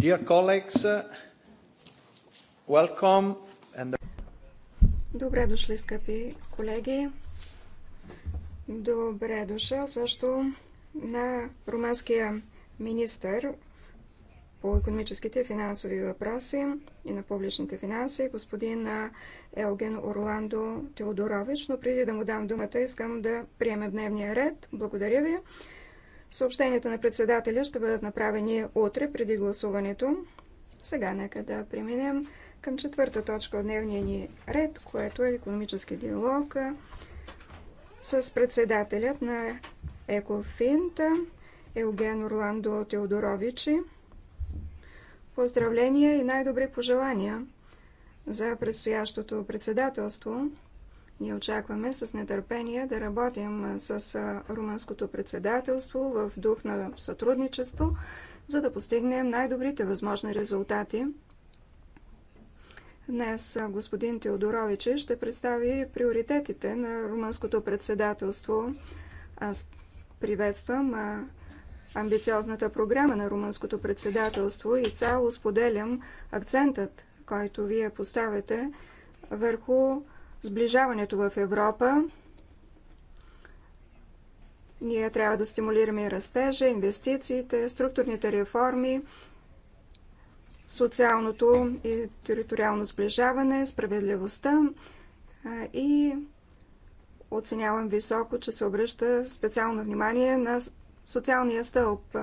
Dear colleagues, welcome and... Добре дошли, скъпи колеги. Добре дошъл също на румънския министър по економическите и финансови въпроси и на публичните финанси, господин Елген Орландо Теодорович. Но преди да му дам думата, искам да приемем дневния ред. Благодаря ви. Съобщенията на председателя ще бъдат направени утре преди гласуването. Сега нека да преминем към четвърта точка от дневния ни ред, което е економически диалог с председателят на Екофинта Елген Орландо Теодоровичи. Поздравления и най-добри пожелания за предстоящото председателство – ние очакваме с нетърпение да работим с румънското председателство в дух на сътрудничество, за да постигнем най-добрите възможни резултати. Днес господин Теодорович ще представи приоритетите на румънското председателство. Аз приветствам амбициозната програма на румънското председателство и цяло споделям акцентът, който вие поставяте върху сближаването в Европа. Ние трябва да стимулираме растежа, инвестициите, структурните реформи, социалното и териториално сближаване, справедливостта и оценявам високо, че се обръща специално внимание на социалния стълб.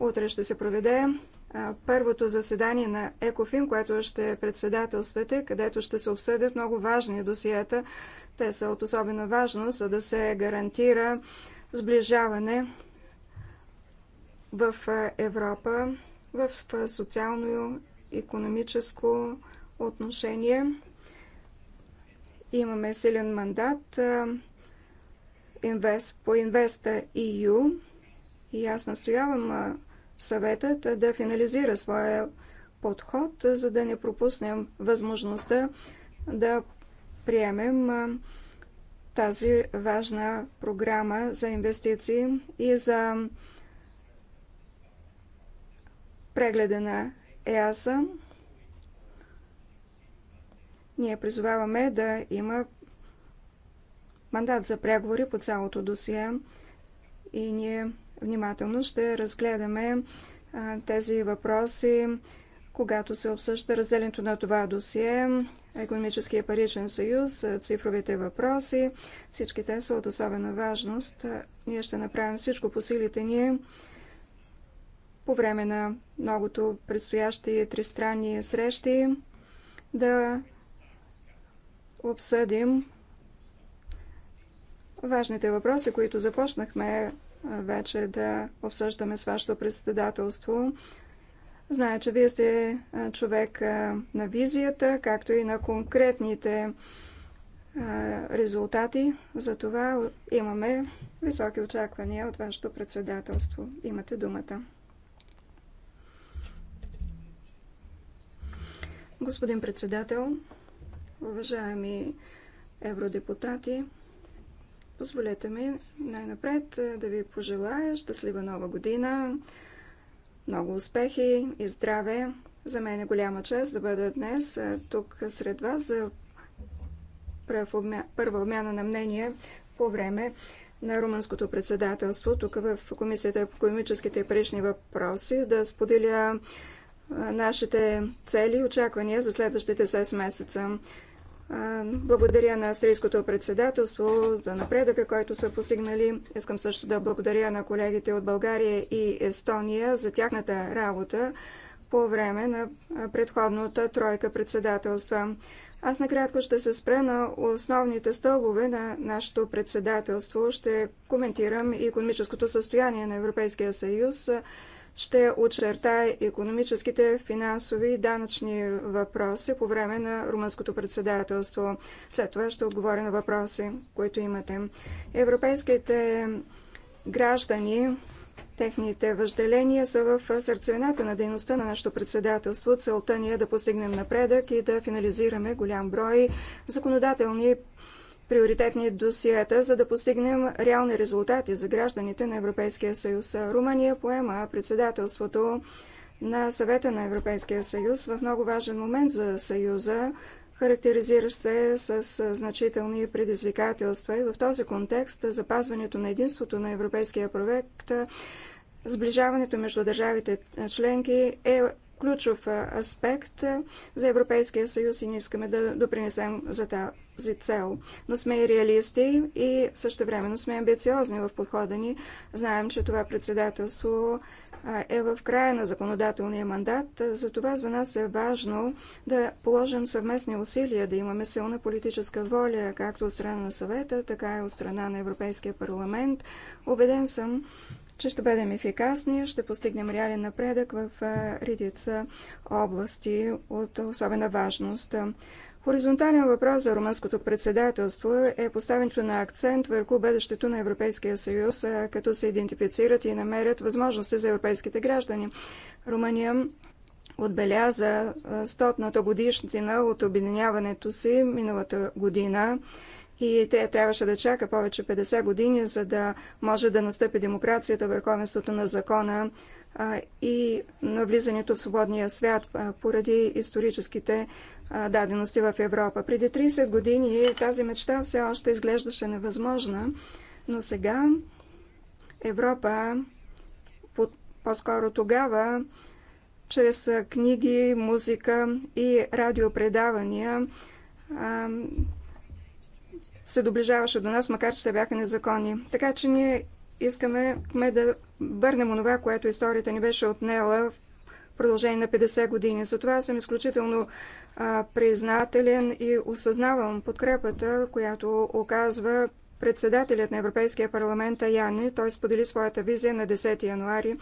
Утре ще се проведе първото заседание на ЕКОФИН, което ще е председателствате, където ще се обсъдят много важни досията. Те са от особена важност, за да се гарантира сближаване в Европа в социално-економическо отношение. Имаме силен мандат по Инвеста EU и аз настоявам съветът да финализира своя подход, за да не пропуснем възможността да приемем тази важна програма за инвестиции и за прегледа на ЕАСА. Ние призоваваме да има мандат за преговори по цялото досие и ние Внимателно ще разгледаме тези въпроси, когато се обсъжда разделението на това досие, економическия паричен съюз, цифровите въпроси. Всички те са от особена важност. Ние ще направим всичко по силите ни по време на многото предстоящи тристранни срещи да обсъдим важните въпроси, които започнахме вече да обсъждаме с вашето председателство. Знае, че вие сте човек на визията, както и на конкретните резултати. Затова имаме високи очаквания от вашето председателство. Имате думата. Господин председател, уважаеми евродепутати, Позволете ми най-напред да ви пожелая щастлива нова година, много успехи и здраве. За мен е голяма чест да бъда днес тук сред вас за първа обмяна на мнение по време на румънското председателство, тук в Комисията по економическите и парични въпроси, да споделя нашите цели и очаквания за следващите 6 месеца. Благодаря на Австрийското председателство за напредъка, който са постигнали. Искам също да благодаря на колегите от България и Естония за тяхната работа по време на предходната тройка председателства. Аз накратко ще се спра на основните стълбове на нашето председателство. Ще коментирам и економическото състояние на Европейския съюз, ще очертае економическите, финансови и данъчни въпроси по време на румънското председателство. След това ще отговоря на въпроси, които имате. Европейските граждани, техните въжделения са в сърцевината на дейността на нашето председателство. Целта ни е да постигнем напредък и да финализираме голям брой законодателни приоритетни досиета, за да постигнем реални резултати за гражданите на Европейския съюз. Румъния поема председателството на съвета на Европейския съюз в много важен момент за съюза, характеризиращ се с значителни предизвикателства и в този контекст запазването на единството на европейския проект, сближаването между държавите членки е ключов аспект за Европейския съюз и не искаме да допринесем за тази цел. Но сме и реалисти и също времено сме амбициозни в подхода ни. Знаем, че това председателство е в края на законодателния мандат. Затова за нас е важно да положим съвместни усилия, да имаме силна политическа воля, както от страна на съвета, така и от страна на Европейския парламент. Обеден съм, че ще бъдем ефикасни, ще постигнем реален напредък в редица области от особена важност. Хоризонтален въпрос за румънското председателство е поставянето на акцент върху бъдещето на Европейския съюз, като се идентифицират и намерят възможности за европейските граждани. Румъния отбеляза стотната годишнина от обединяването си миналата година и те трябваше да чака повече 50 години, за да може да настъпи демокрацията, върховенството на закона и навлизането в свободния свят поради историческите дадености в Европа. Преди 30 години тази мечта все още изглеждаше невъзможна, но сега Европа, по-скоро тогава, чрез книги, музика и радиопредавания, се доближаваше до нас, макар че те бяха незаконни. Така че ние искаме ме да върнем онова, което историята ни беше отнела в продължение на 50 години. Затова съм изключително а, признателен и осъзнавам подкрепата, която оказва председателят на Европейския парламент Яни. Той сподели своята визия на 10 януари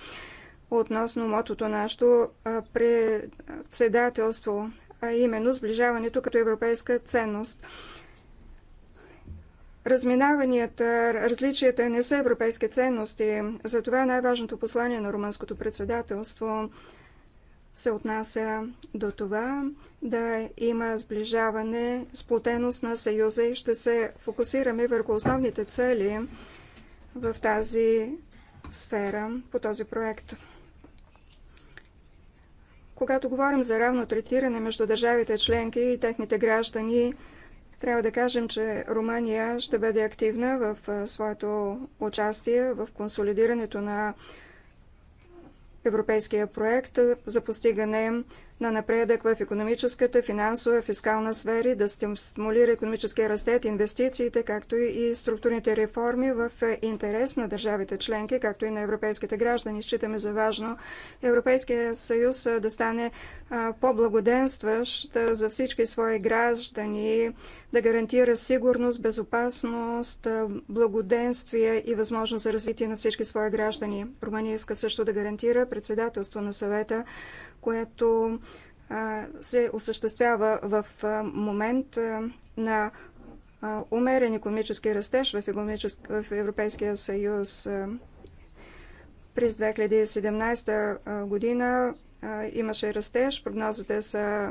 относно мотото нашето председателство, а именно сближаването като европейска ценност. Разминаванията, различията не са европейски ценности. Затова най-важното послание на румънското председателство се отнася до това да има сближаване, сплотеност на Съюза и ще се фокусираме върху основните цели в тази сфера по този проект. Когато говорим за равно третиране между държавите членки и техните граждани, трябва да кажем, че Румъния ще бъде активна в своето участие в консолидирането на европейския проект за постигане на напредък в економическата, финансова, фискална сфери, да стимулира економическия растет, инвестициите, както и структурните реформи в интерес на държавите членки, както и на европейските граждани. Считаме за важно Европейския съюз да стане по-благоденстващ за всички свои граждани, да гарантира сигурност, безопасност, благоденствие и възможност за развитие на всички свои граждани. Румъния иска също да гарантира председателство на съвета което се осъществява в момент на умерен економически растеж в, Европейския съюз. През 2017 година имаше растеж, прогнозите са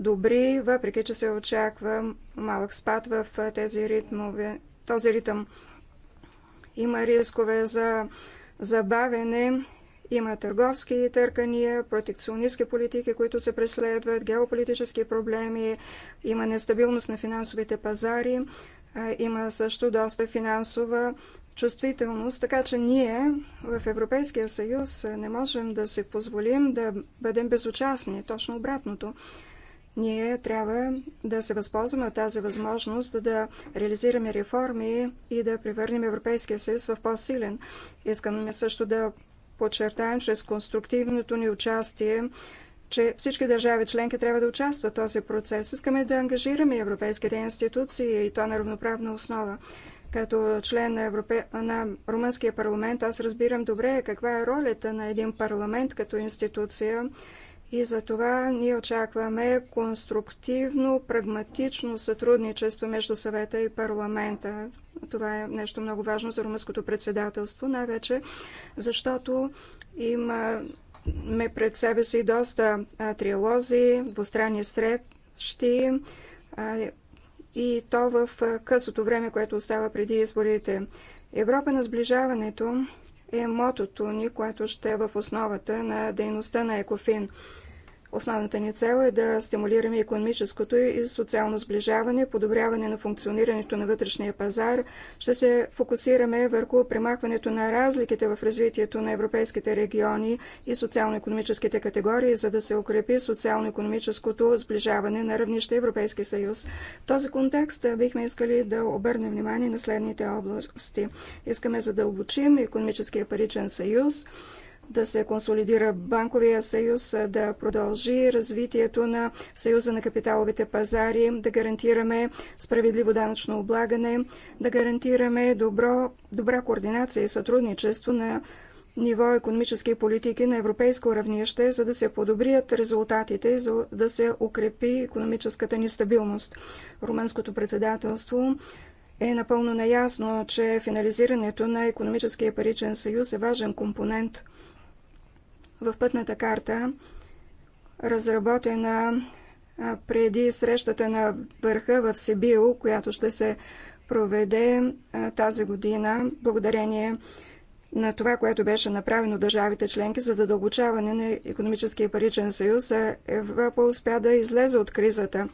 добри, въпреки че се очаква малък спад в тези ритмове, този ритъм. Има рискове за забавене има търговски търкания, протекционистски политики, които се преследват, геополитически проблеми, има нестабилност на финансовите пазари, има също доста финансова чувствителност, така че ние в Европейския съюз не можем да си позволим да бъдем безучастни, точно обратното. Ние трябва да се възползваме от тази възможност да реализираме реформи и да превърнем Европейския съюз в по-силен. Искам също да подчертаем чрез конструктивното ни участие, че всички държави членки трябва да участват в този процес. Искаме да ангажираме европейските институции и то на равноправна основа. Като член на, Европе... на Румънския парламент, аз разбирам добре каква е ролята на един парламент като институция и за това ние очакваме конструктивно, прагматично сътрудничество между съвета и парламента. Това е нещо много важно за румънското председателство, най-вече защото имаме пред себе си доста триалози, двустранни срещи и то в късото време, което остава преди изборите. Европа на сближаването е мотото ни, което ще е в основата на дейността на ЕКОФИН. Основната ни цел е да стимулираме економическото и социално сближаване, подобряване на функционирането на вътрешния пазар. Ще се фокусираме върху премахването на разликите в развитието на европейските региони и социално-економическите категории, за да се укрепи социално-економическото сближаване на равнище Европейски съюз. В този контекст бихме искали да обърнем внимание на следните области. Искаме задълбочим економическия паричен съюз да се консолидира банковия съюз, да продължи развитието на съюза на капиталовите пазари, да гарантираме справедливо данъчно облагане, да гарантираме добро, добра координация и сътрудничество на ниво економически политики на европейско равнище, за да се подобрят резултатите, за да се укрепи економическата ни стабилност. Румънското председателство е напълно наясно, че финализирането на економическия паричен съюз е важен компонент – в пътната карта, разработена преди срещата на върха в Сибил, която ще се проведе тази година, благодарение на това, което беше направено държавите членки за задълбочаване на економическия паричен съюз, Европа успя да излезе от кризата.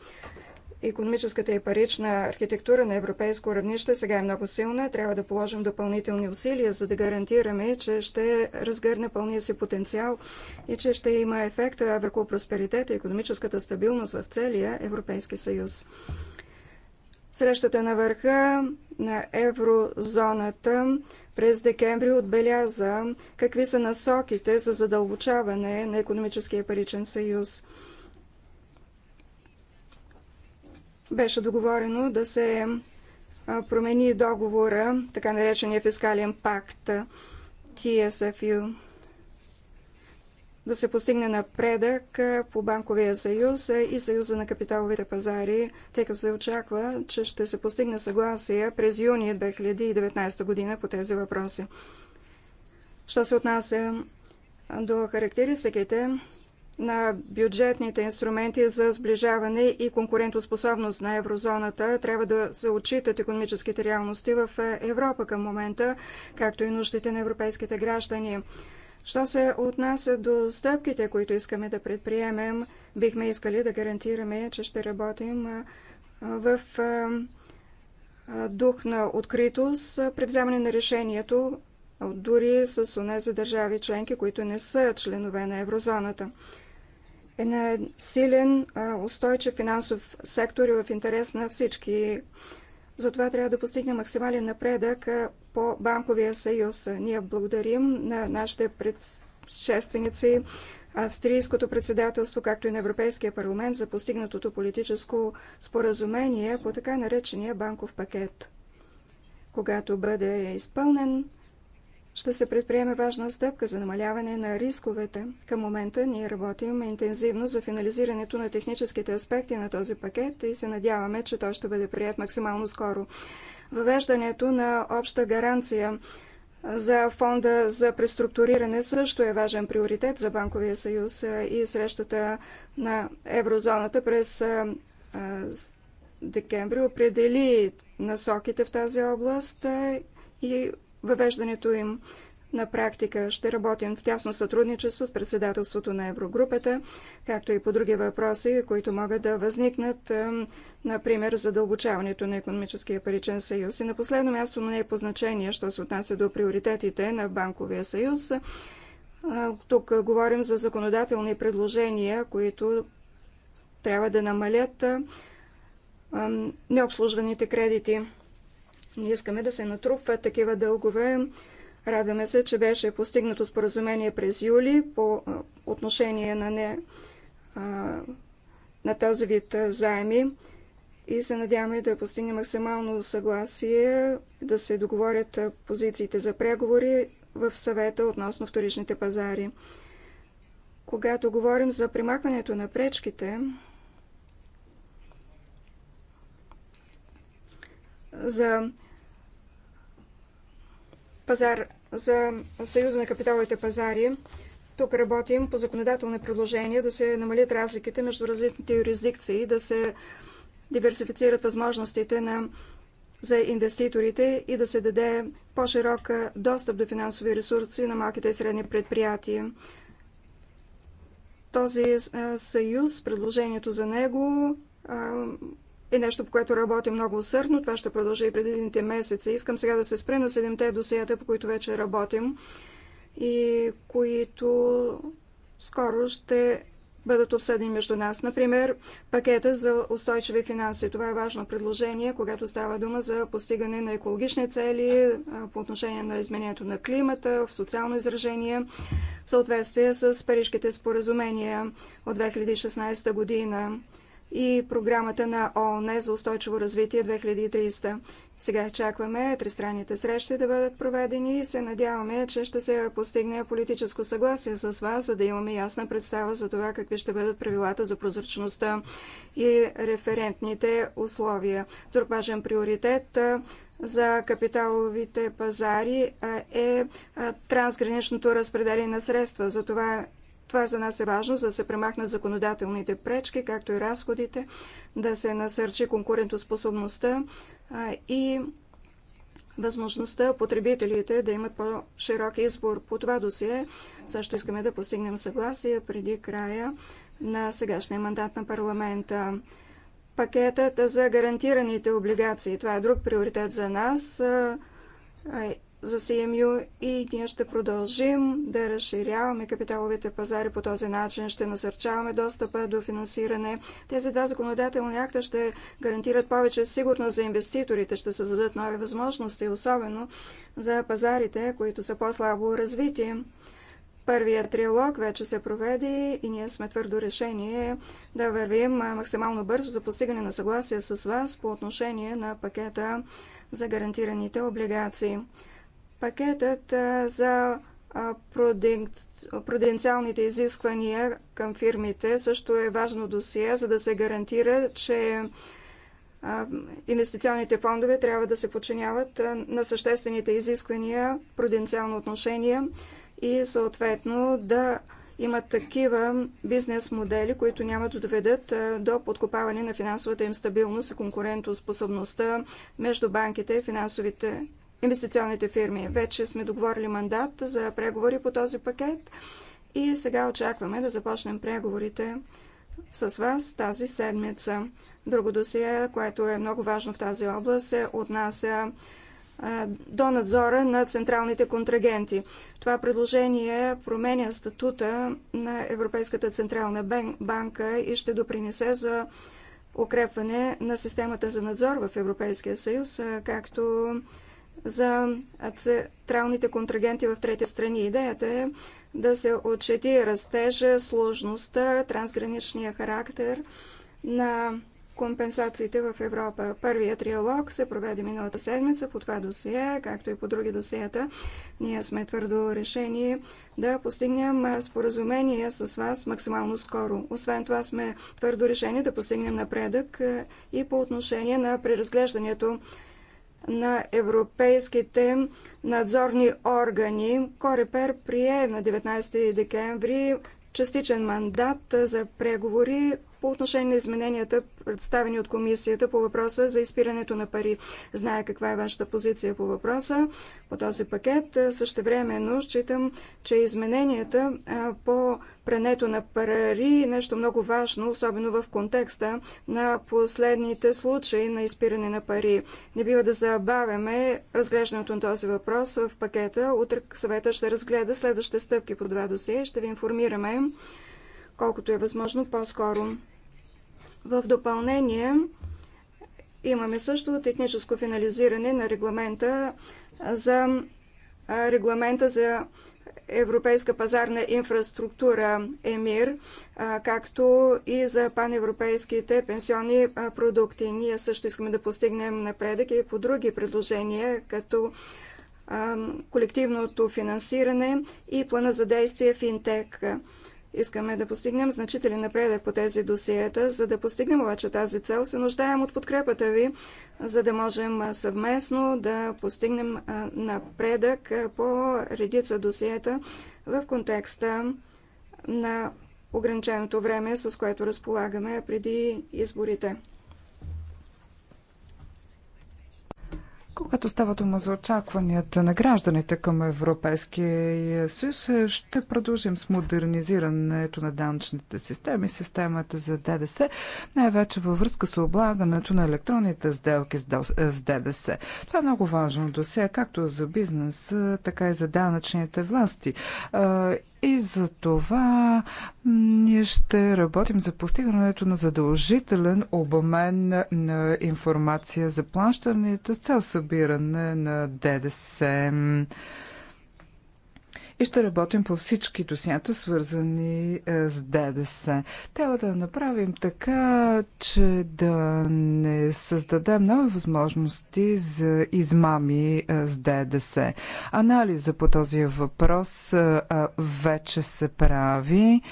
Економическата и парична архитектура на европейско равнище сега е много силна. Трябва да положим допълнителни усилия, за да гарантираме, че ще разгърне пълния си потенциал и че ще има ефект върху просперитета и економическата стабилност в целия Европейски съюз. Срещата на върха на еврозоната през декември отбеляза какви са насоките за задълбочаване на економическия паричен съюз – Беше договорено да се промени договора, така наречения фискален пакт TSFU, да се постигне напредък по Банковия съюз и Съюза на капиталовите пазари, тъй като се очаква, че ще се постигне съгласие през юни 2019 година по тези въпроси. Що се отнася до характеристиките, на бюджетните инструменти за сближаване и конкурентоспособност на еврозоната. Трябва да се отчитат економическите реалности в е, Европа към момента, както и нуждите на европейските граждани. Що се отнася до стъпките, които искаме да предприемем, бихме искали да гарантираме, че ще работим в дух на откритост при вземане на решението, дори с онези държави членки, които не са членове на еврозоната е на силен, устойчив финансов сектор и в интерес на всички. Затова трябва да постигнем максимален напредък по банковия съюз. Ние благодарим на нашите предшественици, австрийското председателство, както и на Европейския парламент за постигнатото политическо споразумение по така наречения банков пакет. Когато бъде изпълнен, ще се предприеме важна стъпка за намаляване на рисковете. Към момента ние работим интензивно за финализирането на техническите аспекти на този пакет и се надяваме, че той ще бъде прият максимално скоро. Въвеждането на обща гаранция за фонда за преструктуриране също е важен приоритет за Банковия съюз и срещата на еврозоната през декември определи насоките в тази област и въвеждането им на практика. Ще работим в тясно сътрудничество с председателството на Еврогрупата, както и по други въпроси, които могат да възникнат, е, например, задълбочаването на економическия паричен съюз. И на последно място, но не е по значение, що се отнася до приоритетите на Банковия съюз. Е, тук говорим за законодателни предложения, които трябва да намалят е, необслужваните кредити. Не искаме да се натрупват такива дългове. Радваме се, че беше постигнато споразумение през юли по отношение на, не, на този вид заеми и се надяваме да постигне максимално съгласие, да се договорят позициите за преговори в съвета относно вторичните пазари. Когато говорим за примахването на пречките, за пазар, за Съюза на капиталовите пазари. Тук работим по законодателни предложения да се намалят разликите между различните юрисдикции, да се диверсифицират възможностите на, за инвеститорите и да се даде по-широк достъп до финансови ресурси на малките и средни предприятия. Този съюз, предложението за него е нещо, по което работя много усърдно. Това ще продължи и преди месеци. Искам сега да се спре на седемте досията, по които вече работим и които скоро ще бъдат обсъдени между нас. Например, пакета за устойчиви финанси. Това е важно предложение, когато става дума за постигане на екологични цели по отношение на изменението на климата, в социално изражение, в съответствие с парижките споразумения от 2016 година и програмата на ООН за устойчиво развитие 2300. Сега очакваме тристранните срещи да бъдат проведени и се надяваме, че ще се постигне политическо съгласие с вас, за да имаме ясна представа за това какви ще бъдат правилата за прозрачността и референтните условия. Друг важен приоритет за капиталовите пазари е трансграничното разпределение на средства. За това. Това за нас е важно, за да се премахнат законодателните пречки, както и разходите, да се насърчи конкурентоспособността и възможността потребителите да имат по-широк избор. По това досие също искаме да постигнем съгласие преди края на сегашния мандат на парламента. Пакетът за гарантираните облигации. Това е друг приоритет за нас за CMU и ние ще продължим да разширяваме капиталовите пазари по този начин, ще насърчаваме достъпа до финансиране. Тези два законодателни акта ще гарантират повече сигурност за инвеститорите, ще създадат нови възможности, особено за пазарите, които са по-слабо развити. Първият триалог вече се проведе и ние сме твърдо решение да вървим максимално бързо за постигане на съгласие с вас по отношение на пакета за гарантираните облигации. Пакетът за пруденциалните изисквания към фирмите също е важно досие, за да се гарантира, че инвестиционните фондове трябва да се подчиняват на съществените изисквания, пруденциално отношение и съответно да имат такива бизнес модели, които няма да доведат до подкопаване на финансовата им стабилност и конкурентоспособността между банките и финансовите инвестиционните фирми. Вече сме договорили мандат за преговори по този пакет и сега очакваме да започнем преговорите с вас тази седмица. Друго досие, което е много важно в тази област, се отнася до надзора на централните контрагенти. Това предложение променя статута на Европейската централна банка и ще допринесе за укрепване на системата за надзор в Европейския съюз, както за централните контрагенти в трети страни. Идеята е да се отчети растежа, сложността, трансграничния характер на компенсациите в Европа. Първият триалог се проведе миналата седмица по това досие, както и по други досиета. Ние сме твърдо решени да постигнем споразумение с вас максимално скоро. Освен това сме твърдо решени да постигнем напредък е, и по отношение на преразглеждането на европейските надзорни органи. Корепер прие на 19 декември частичен мандат за преговори по отношение на измененията, представени от комисията по въпроса за изпирането на пари. Зная каква е вашата позиция по въпроса по този пакет. Също времено считам, че измененията по прането на пари е нещо много важно, особено в контекста на последните случаи на изпиране на пари. Не бива да забавяме разглеждането на този въпрос в пакета. Утре съвета ще разгледа следващите стъпки по два досие. Ще ви информираме колкото е възможно по-скоро. В допълнение имаме също техническо финализиране на регламента за регламента за Европейска пазарна инфраструктура ЕМИР, както и за паневропейските пенсионни продукти. Ние също искаме да постигнем напредък и по други предложения, като колективното финансиране и плана за действие Финтек. Искаме да постигнем значителен напредък по тези досиета. За да постигнем обаче тази цел, се нуждаем от подкрепата ви, за да можем съвместно да постигнем напредък по редица досиета в контекста на ограниченото време, с което разполагаме преди изборите. Когато става дума за очакванията на гражданите към Европейския съюз, ще продължим с модернизирането на данъчните системи, системата за ДДС, най-вече във връзка с облагането на електронните сделки с ДДС. Това е много важно до сега, както за бизнес, така и за данъчните власти. И за това ние ще работим за постигането на задължителен обмен на информация за плащанията с цел събиране на ДДС. И ще работим по всички досията, свързани е, с ДДС. Трябва да направим така, че да не създадем нови възможности за измами е, с ДДС. Анализа по този въпрос е, вече се прави.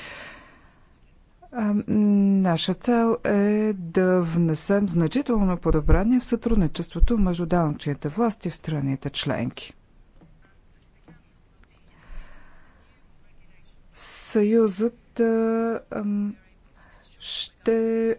Наша цел е да внесем значително подобрение в сътрудничеството между данъчните власти в страните членки. Съюзът а, ще е,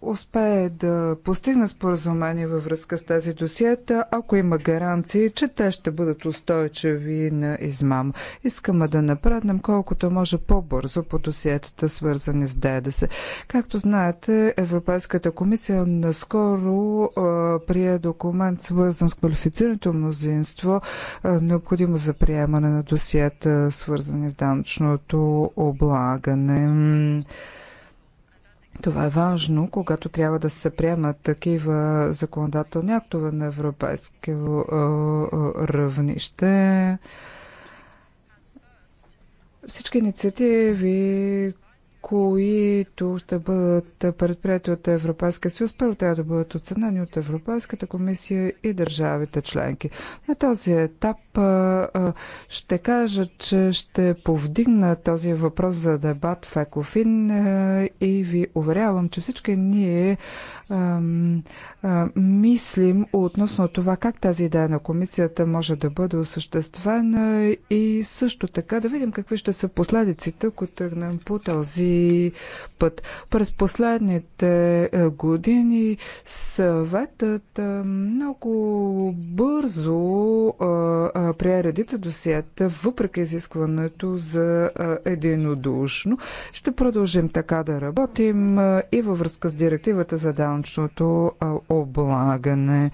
успее да постигне споразумение във връзка с тази досиета, ако има гаранции, че те ще бъдат устойчиви на измам. Искаме да напреднем колкото може по-бързо по досиетата, свързани с ДДС. Както знаете, Европейската комисия наскоро е, прие документ, свързан с квалифицираното мнозинство, е, необходимо за приемане на досиета, свързани с данъчното облагане. Това е важно, когато трябва да се приемат такива законодателни актове на европейско е, е, равнище. Всички инициативи, които ще бъдат предприяти от Европейския съюз, първо трябва да бъдат оценени от Европейската комисия и държавите членки. На този етап ще кажа, че ще повдигна този въпрос за дебат в Екофин и ви уверявам, че всички ние мислим относно това как тази идея на комисията може да бъде осъществена и също така да видим какви ще са последиците, ако тръгнем по този път. През последните е, години съветът е, много бързо е, прие редица досията, въпреки изискването за единодушно. Ще продължим така да работим и във връзка с директивата за дан данъчното облагане.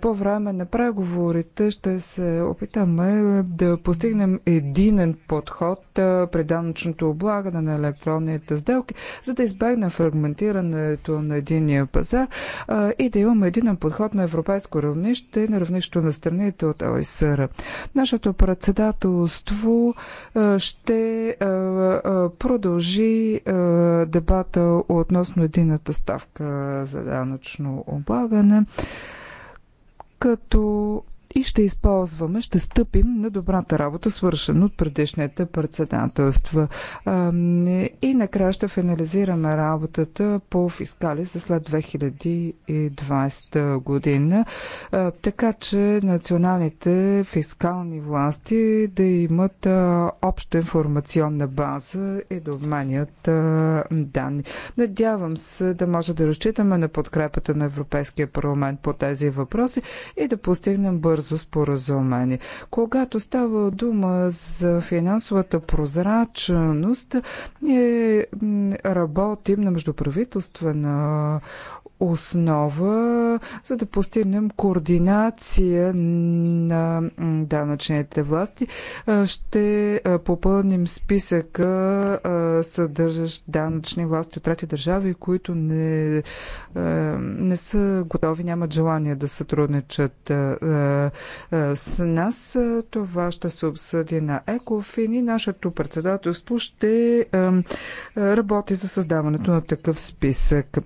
По време на преговорите ще се опитаме да постигнем единен подход при данъчното облагане на електронните сделки, за да избегнем фрагментирането на единия пазар и да имаме единен подход на европейско равнище и на равнището на страните от ОСР. Нашето председателство ще продължи дебата относно едината ставка за данъчно облагане, като и ще използваме, ще стъпим на добрата работа, свършена от предишните председателства. И накрая ще финализираме работата по фискали за след 2020 година, така че националните фискални власти да имат обща информационна база и да обменят данни. Надявам се да може да разчитаме на подкрепата на Европейския парламент по тези въпроси и да постигнем бързо бързо споразумение. Когато става дума за финансовата прозрачност, ние работим на междуправителствена основа, за да постигнем координация на данъчните власти. Ще попълним списъка, съдържащ данъчни власти от трети държави, които не, не са готови, нямат желание да сътрудничат е, с нас. Е, това ще се обсъди на ЕКОФИН и нашето председателство ще е, работи за създаването на такъв списък.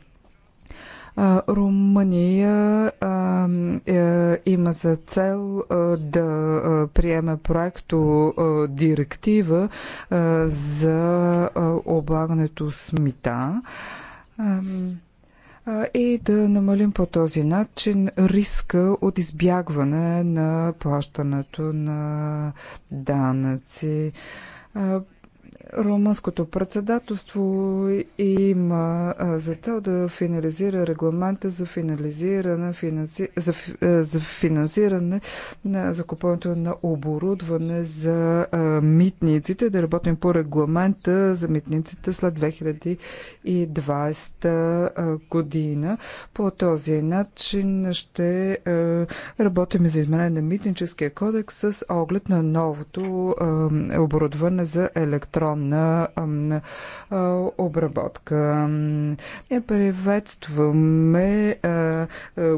Румъния а, е, има за цел а, да приеме проекто а, директива за облагането с мита и да намалим по този начин риска от избягване на плащането на данъци. Румънското председателство има за цел да финализира регламента за финализиране, финанси, за, за финансиране на закупването на оборудване за митниците, да работим по регламента за митниците след 2020 година. По този начин ще работим за изменение на митническия кодекс с оглед на новото оборудване за електрон евентуална обработка. Не приветстваме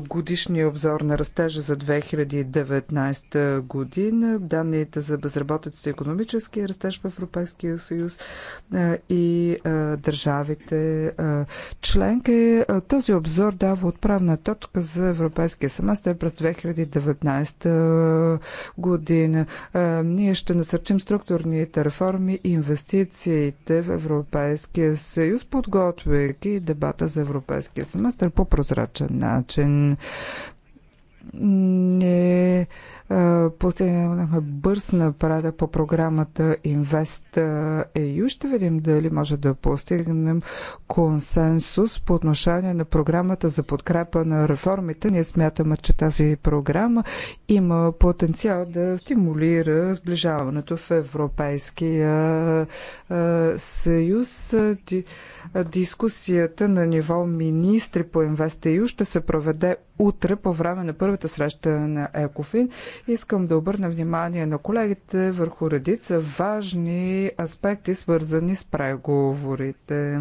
годишния обзор на растежа за 2019 година, данните за безработица и економическия растеж в Европейския съюз и държавите членки. Този обзор дава отправна точка за европейския семестър през 2019 година. Ние ще насърчим структурните реформи и инвестиции инвестициите в Европейския съюз, подготвяйки дебата за Европейския семестър по прозрачен начин. Не е, Постигнахме бърз напредък по програмата Invest EU. Е, ще видим дали може да постигнем консенсус по отношение на програмата за подкрепа на реформите. Ние смятаме, че тази програма има потенциал да стимулира сближаването в Европейския е, съюз. Дискусията на ниво министри по EU ще се проведе утре по време на първата среща на Екофин. Искам да обърна внимание на колегите върху редица важни аспекти, свързани с преговорите.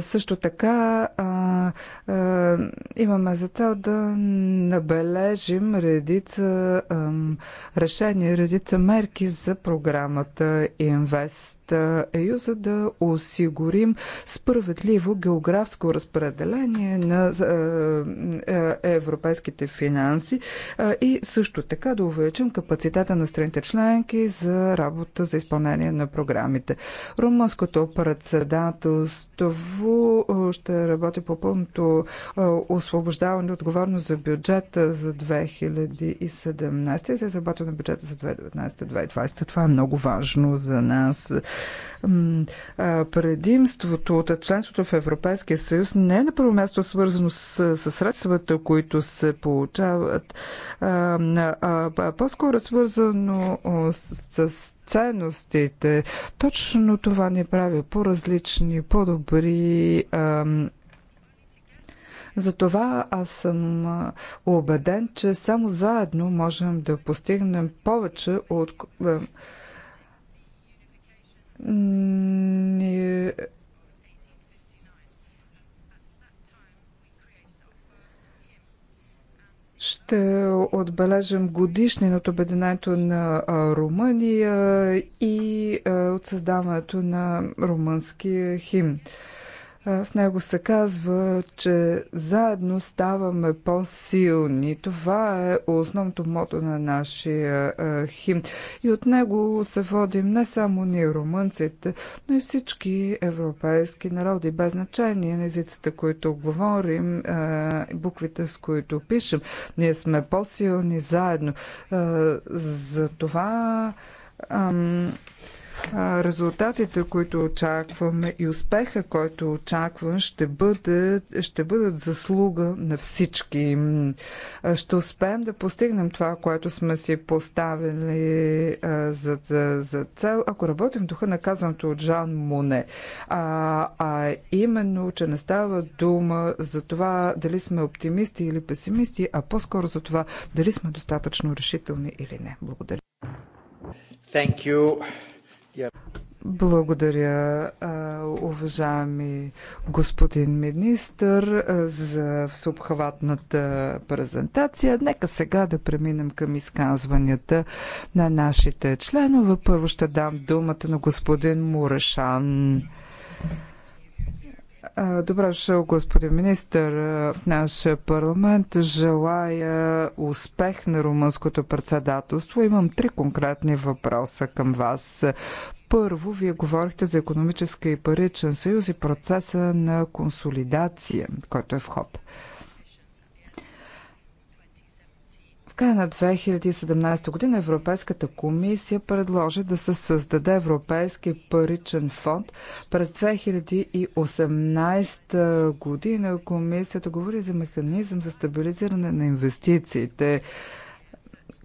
Също така а, а, имаме за цел да набележим редица а, решения, редица мерки за програмата Invest ЕЮ, за да осигурим справедливо географско разпределение на е, е, европейските финанси е, и също така да увеличим капацитета на страните членки за работа за изпълнение на програмите. Румънското председателство ще работи по пълното освобождаване отговорност за бюджета за 2017 и за изработване на бюджета за 2019-2020. Това е много важно за нас. Предимството от членството в Европейския съюз не е на първо място свързано с, с средствата, които се получават, а, а, а по-скоро свързано с, с ценностите. Точно това ни прави по-различни, по-добри. Затова аз съм убеден, че само заедно можем да постигнем повече от е, ще отбележим годишнин от обединението на Румъния и от създаването на румънския химн. В него се казва, че заедно ставаме по-силни. Това е основното мото на нашия хим. И от него се водим не само ние, румънците, но и всички европейски народи, без значение на езиците, които говорим, буквите, с които пишем. Ние сме по-силни заедно. За това резултатите, които очакваме и успеха, който очаквам, ще бъдат, ще бъдат заслуга на всички. Ще успеем да постигнем това, което сме си поставили за, за, за цел, ако работим духа на казаното от Жан Моне. А, а именно, че не става дума за това дали сме оптимисти или песимисти, а по-скоро за това дали сме достатъчно решителни или не. Благодаря. Thank you. Благодаря, уважаеми господин министр, за всеобхватната презентация. Нека сега да преминем към изказванията на нашите членове. Първо ще дам думата на господин Мурешан. Добре дошъл, господин министр, в нашия парламент. Желая успех на румънското председателство. Имам три конкретни въпроса към вас. Първо, вие говорихте за економическа и паричен съюз и процеса на консолидация, който е в ход. края на 2017 година Европейската комисия предложи да се създаде Европейски паричен фонд. През 2018 година комисията говори за механизъм за стабилизиране на инвестициите.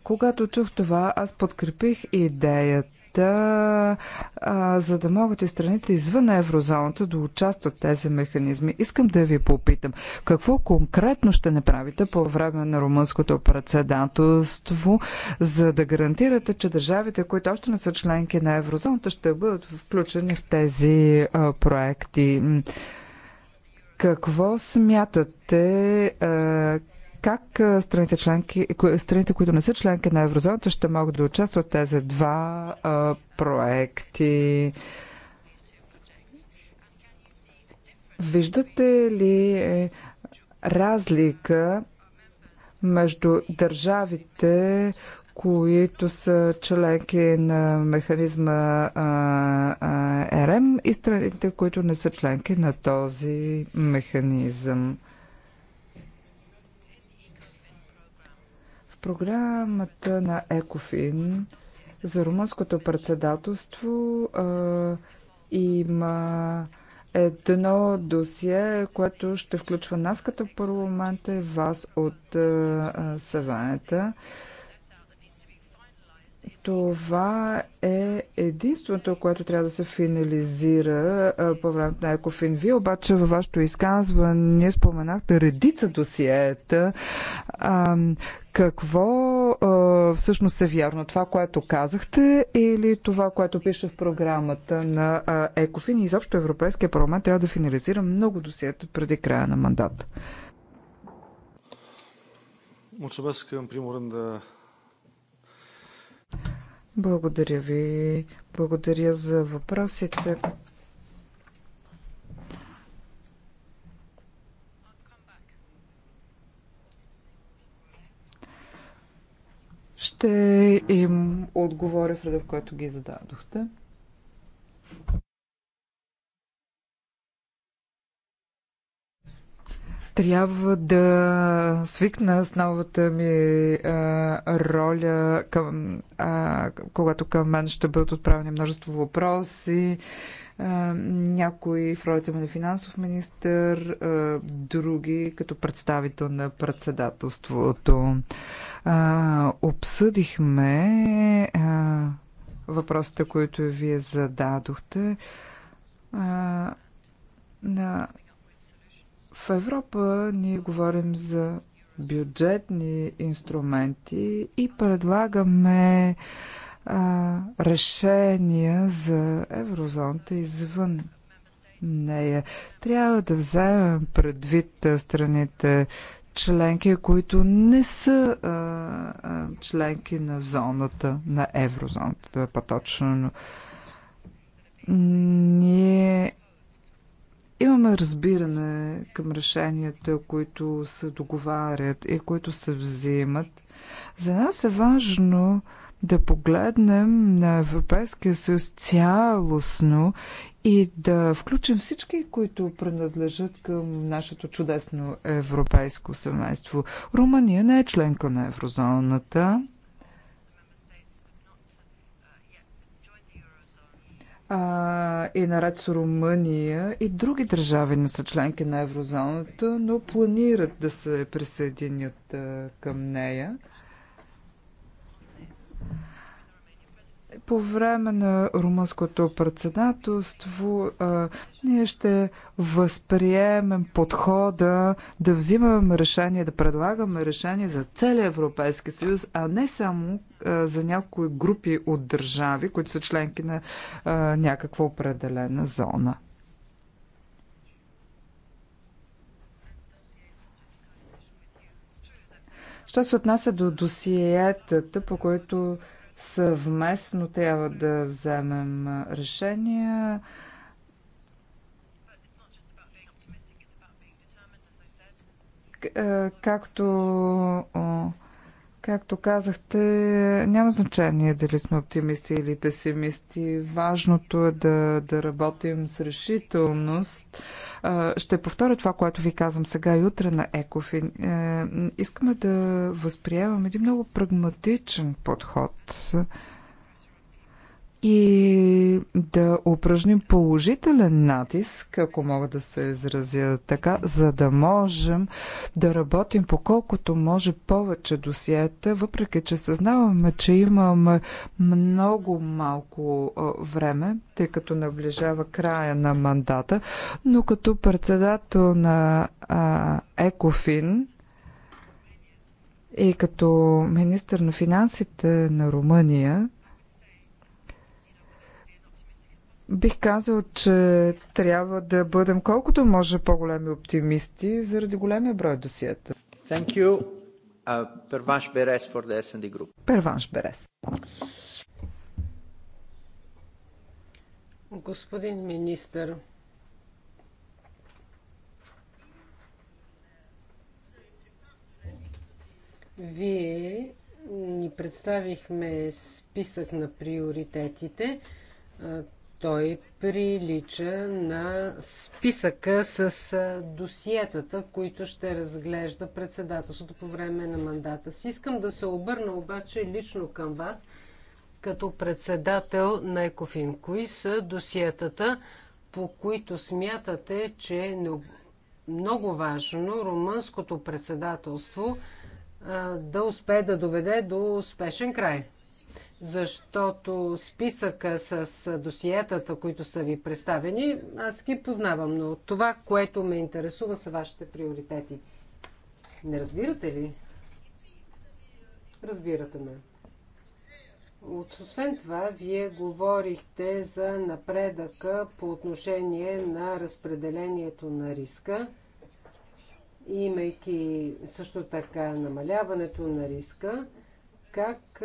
Когато чух това, аз подкрепих идеята да, а, за да могат и страните извън еврозоната да участват в тези механизми. Искам да ви попитам, какво конкретно ще направите по време на румънското председателство, за да гарантирате, че държавите, които още не са членки на еврозоната, ще бъдат включени в тези а, проекти? Какво смятате? А, как страните, членки, страните, които не са членки на еврозоната, ще могат да участват тези два а, проекти? Виждате ли е, разлика между държавите, които са членки на механизма е РМ и страните, които не са членки на този механизъм. програмата на ЕКОФИН за румънското председателство а, има едно досие, което ще включва нас като парламента и вас от а, а, съванета. Това е единственото, което трябва да се финализира по времето на Екофин. Вие обаче във вашето изказване споменахте редица досиета. А, какво а, всъщност е вярно? Това, което казахте или това, което пише в програмата на Екофин и изобщо Европейския парламент трябва да финализира много досиета преди края на мандата? Mulțumesc, în приморен да. Благодаря ви. Благодаря за въпросите. Ще им отговоря в реда, в който ги зададохте. Трябва да свикна с новата ми а, роля, към, а, когато към мен ще бъдат отправени множество въпроси. А, някои в ролята ми на финансов министр, а, други като представител на председателството. А, обсъдихме а, въпросите, които вие зададохте. А, на в Европа ние говорим за бюджетни инструменти и предлагаме а, решения за еврозоната извън нея. Трябва да вземем предвид страните членки, които не са а, а, членки на зоната, на еврозоната, да е по-точно. Ние Имаме разбиране към решенията, които се договарят и които се взимат. За нас е важно да погледнем на Европейския съюз цялостно и да включим всички, които принадлежат към нашето чудесно европейско семейство. Румъния не е членка на еврозоната. а, и наред с Румъния и други държави не са членки на еврозоната, но планират да се присъединят а, към нея. По време на румънското председателство а, ние ще възприемем подхода да взимаме решение, да предлагаме решение за целия Европейски съюз, а не само а, за някои групи от държави, които са членки на а, някаква определена зона. Що се отнася до досиетата, по които съвместно трябва да вземем решения. Както Както казахте, няма значение дали сме оптимисти или песимисти. Важното е да, да работим с решителност. Ще повторя това, което ви казвам сега и утре на Екофин. Е, искаме да възприемам един много прагматичен подход и да упражним положителен натиск, ако мога да се изразя така, за да можем да работим по колкото може повече досиета, въпреки че съзнаваме, че имаме много малко време, тъй като наближава края на мандата, но като председател на Екофин, и като министър на финансите на Румъния, Бих казал, че трябва да бъдем колкото може по-големи оптимисти заради големия брой досиета. Thank you. Uh, Перванш Берес for the S&D Group. Перванш Берес. Господин министър, вие ни представихме списък на приоритетите. Той прилича на списъка с досиетата, които ще разглежда председателството по време на мандата си. Искам да се обърна обаче лично към вас, като председател на Екофин. Кои са досиетата, по които смятате, че е много важно румънското председателство да успее да доведе до успешен край? защото списъка с досиетата, които са ви представени, аз ги познавам, но това, което ме интересува, са вашите приоритети. Не разбирате ли? Разбирате ме. Освен това, вие говорихте за напредъка по отношение на разпределението на риска, имайки също така намаляването на риска. Как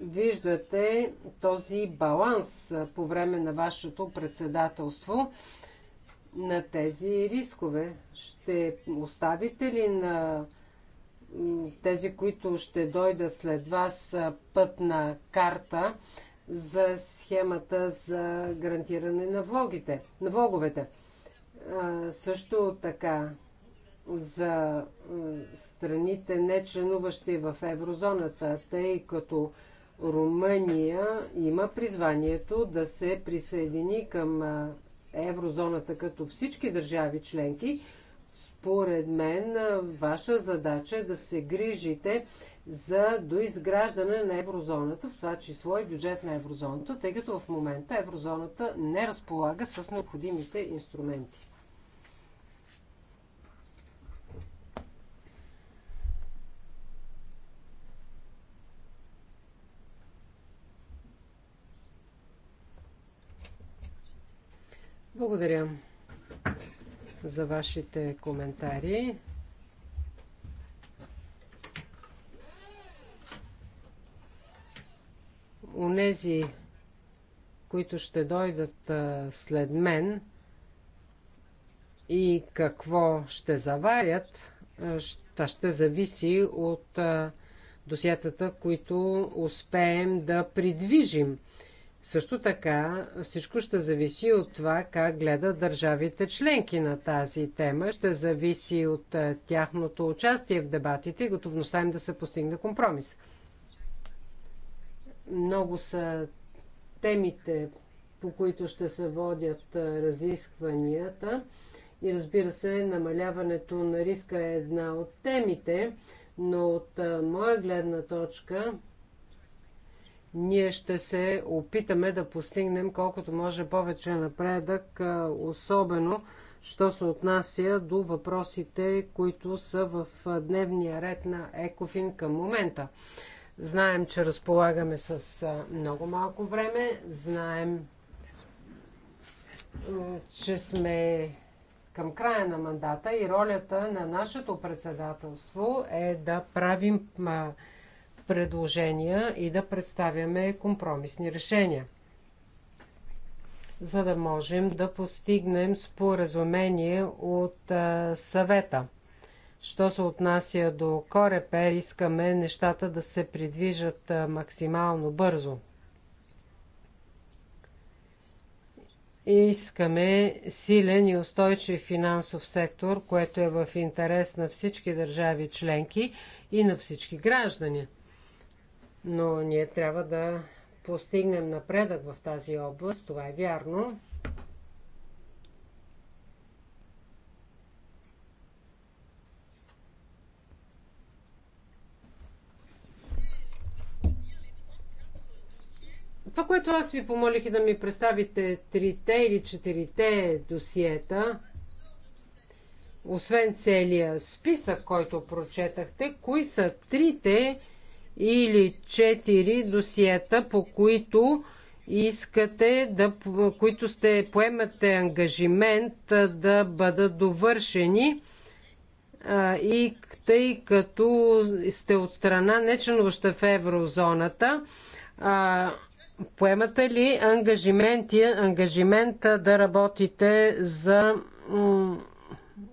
виждате този баланс по време на вашето председателство на тези рискове? Ще оставите ли на тези, които ще дойдат след вас пътна карта за схемата за гарантиране на, влогите, на влоговете? Също така, за страните, не членуващи в еврозоната, тъй като Румъния има призванието да се присъедини към еврозоната като всички държави членки. Според мен, ваша задача е да се грижите за доизграждане на еврозоната, в това число и бюджет на еврозоната, тъй като в момента еврозоната не разполага с необходимите инструменти. Благодаря за вашите коментари. Унези, които ще дойдат след мен и какво ще заварят, ще, ще зависи от досиятата, които успеем да придвижим също така всичко ще зависи от това как гледат държавите членки на тази тема, ще зависи от е, тяхното участие в дебатите и готовността им да се постигне компромис. Много са темите, по които ще се водят е, разискванията и разбира се, намаляването на риска е една от темите, но от е, моя гледна точка ние ще се опитаме да постигнем колкото може повече напредък, особено що се отнася до въпросите, които са в дневния ред на Екофин към момента. Знаем, че разполагаме с много малко време, знаем, че сме към края на мандата и ролята на нашето председателство е да правим предложения и да представяме компромисни решения, за да можем да постигнем споразумение от а, съвета. Що се отнася до Корепер, искаме нещата да се придвижат а, максимално бързо. Искаме силен и устойчив финансов сектор, което е в интерес на всички държави членки и на всички граждани но ние трябва да постигнем напредък в тази област, това е вярно. Това, което аз ви помолих и е да ми представите трите или четирите досиета, освен целия списък, който прочетахте, кои са трите или 4 досиета, по които искате да, които сте поемате ангажимент да бъдат довършени и тъй като сте от страна не членуваща в еврозоната, поемате ли ангажименти, ангажимента да работите за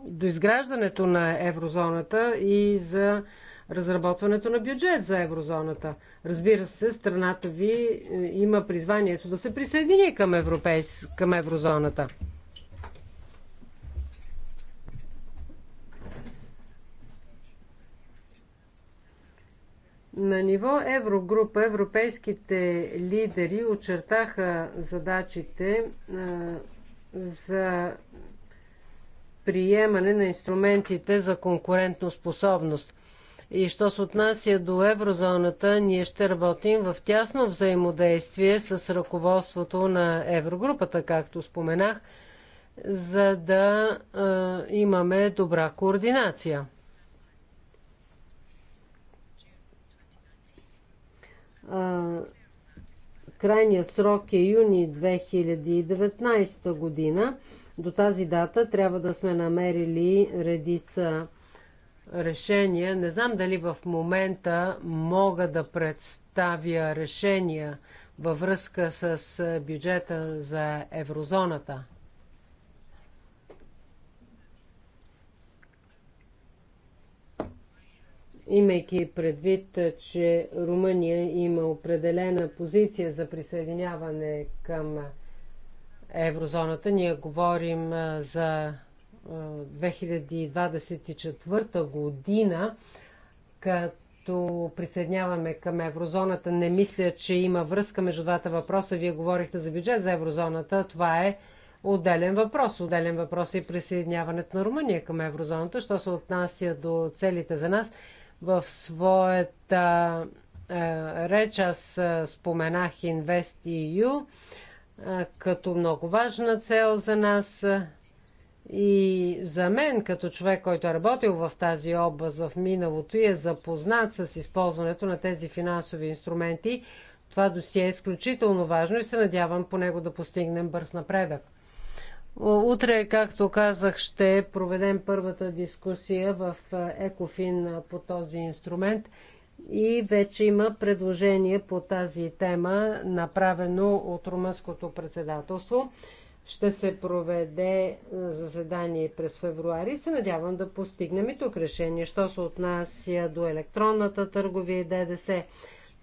доизграждането на еврозоната и за разработването на бюджет за еврозоната. Разбира се, страната ви е, има призванието да се присъедини към, европейс... към еврозоната. На ниво Еврогрупа европейските лидери очертаха задачите е, за приемане на инструментите за конкурентно способност. И що се отнася до еврозоната, ние ще работим в тясно взаимодействие с ръководството на еврогрупата, както споменах, за да е, имаме добра координация. крайният срок е юни 2019 година. До тази дата трябва да сме намерили редица решения. Не знам дали в момента мога да представя решения във връзка с е, бюджета за еврозоната. Имайки предвид, че Румъния има определена позиция за присъединяване към еврозоната, ние говорим е, за 2024 година, като присъединяваме към еврозоната. Не мисля, че има връзка между двата въпроса. Вие говорихте за бюджет за еврозоната. Това е отделен въпрос. Отделен въпрос е присъединяването на Румъния към еврозоната. Що се отнася до целите за нас, в своята е, реч аз е, споменах InvestEU е, като много важна цел за нас. Е, и за мен, като човек, който е работил в тази област в миналото и е запознат с използването на тези финансови инструменти, това досие е изключително важно и се надявам по него да постигнем бърз напредък. Утре, както казах, ще проведем първата дискусия в Екофин по този инструмент и вече има предложение по тази тема, направено от румънското председателство ще се проведе заседание през февруари. Се надявам да постигнем и тук решение, що се отнася до електронната търговия и ДДС.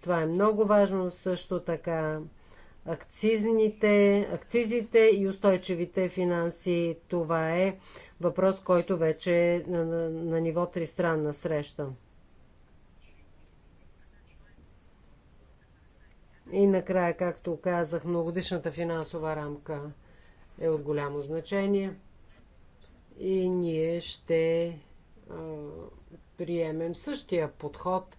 Това е много важно също така. Акцизните, акцизите и устойчивите финанси. Това е въпрос, който вече е на, на, на ниво тристранна среща. И накрая, както казах, многодишната финансова рамка е от голямо значение и ние ще а, приемем същия подход,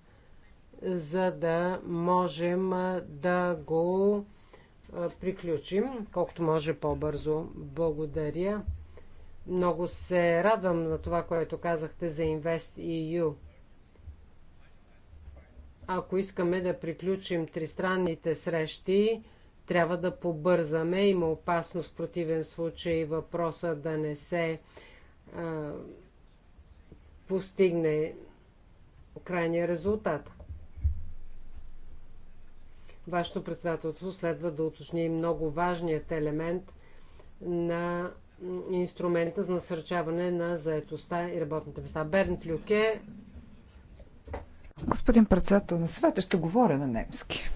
за да можем да го приключим колкото може по-бързо. Благодаря. Много се радвам на това, което казахте за InvestEU. Ако искаме да приключим тристранните срещи, трябва да побързаме. Има опасност в противен случай въпроса да не се а, постигне крайния резултат. Вашето председателство следва да уточни много важният елемент на инструмента за насърчаване на заетостта и работните места. Бернт Люке. Господин председател на съвета, ще говоря на немски.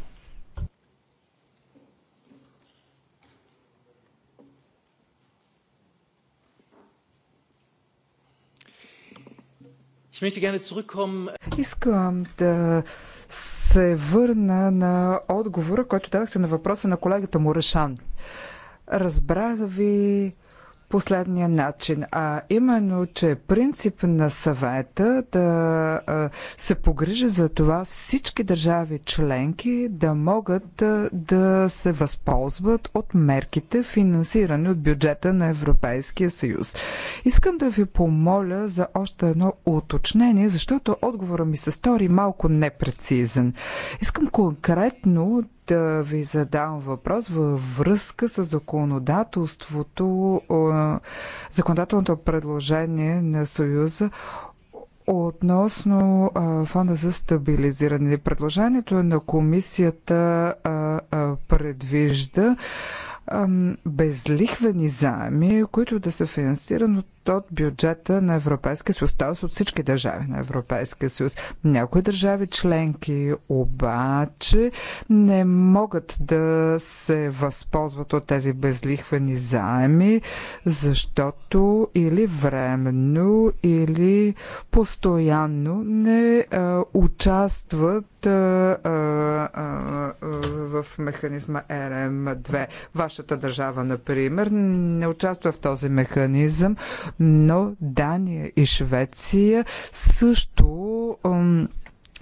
Искам да се върна на отговора, който дадахте на въпроса на колегата Мурашан. Разбрах ви последния начин, а именно, че принцип на съвета да се погрижи за това всички държави членки да могат да, да се възползват от мерките, финансирани от бюджета на Европейския съюз. Искам да ви помоля за още едно уточнение, защото отговора ми се стори е малко непрецизен. Искам конкретно да ви задам въпрос във връзка с законодателството, законодателното предложение на Съюза относно фонда за стабилизиране. Предложението на комисията предвижда безлихвени заеми, които да са финансирани от от бюджета на Европейския съюз, т.е. от всички държави на Европейския съюз. Някои държави членки обаче не могат да се възползват от тези безлихвени заеми, защото или временно, или постоянно не а, участват а, а, а, в механизма РМ2. Вашата държава, например, не участва в този механизъм, но Дания и Швеция също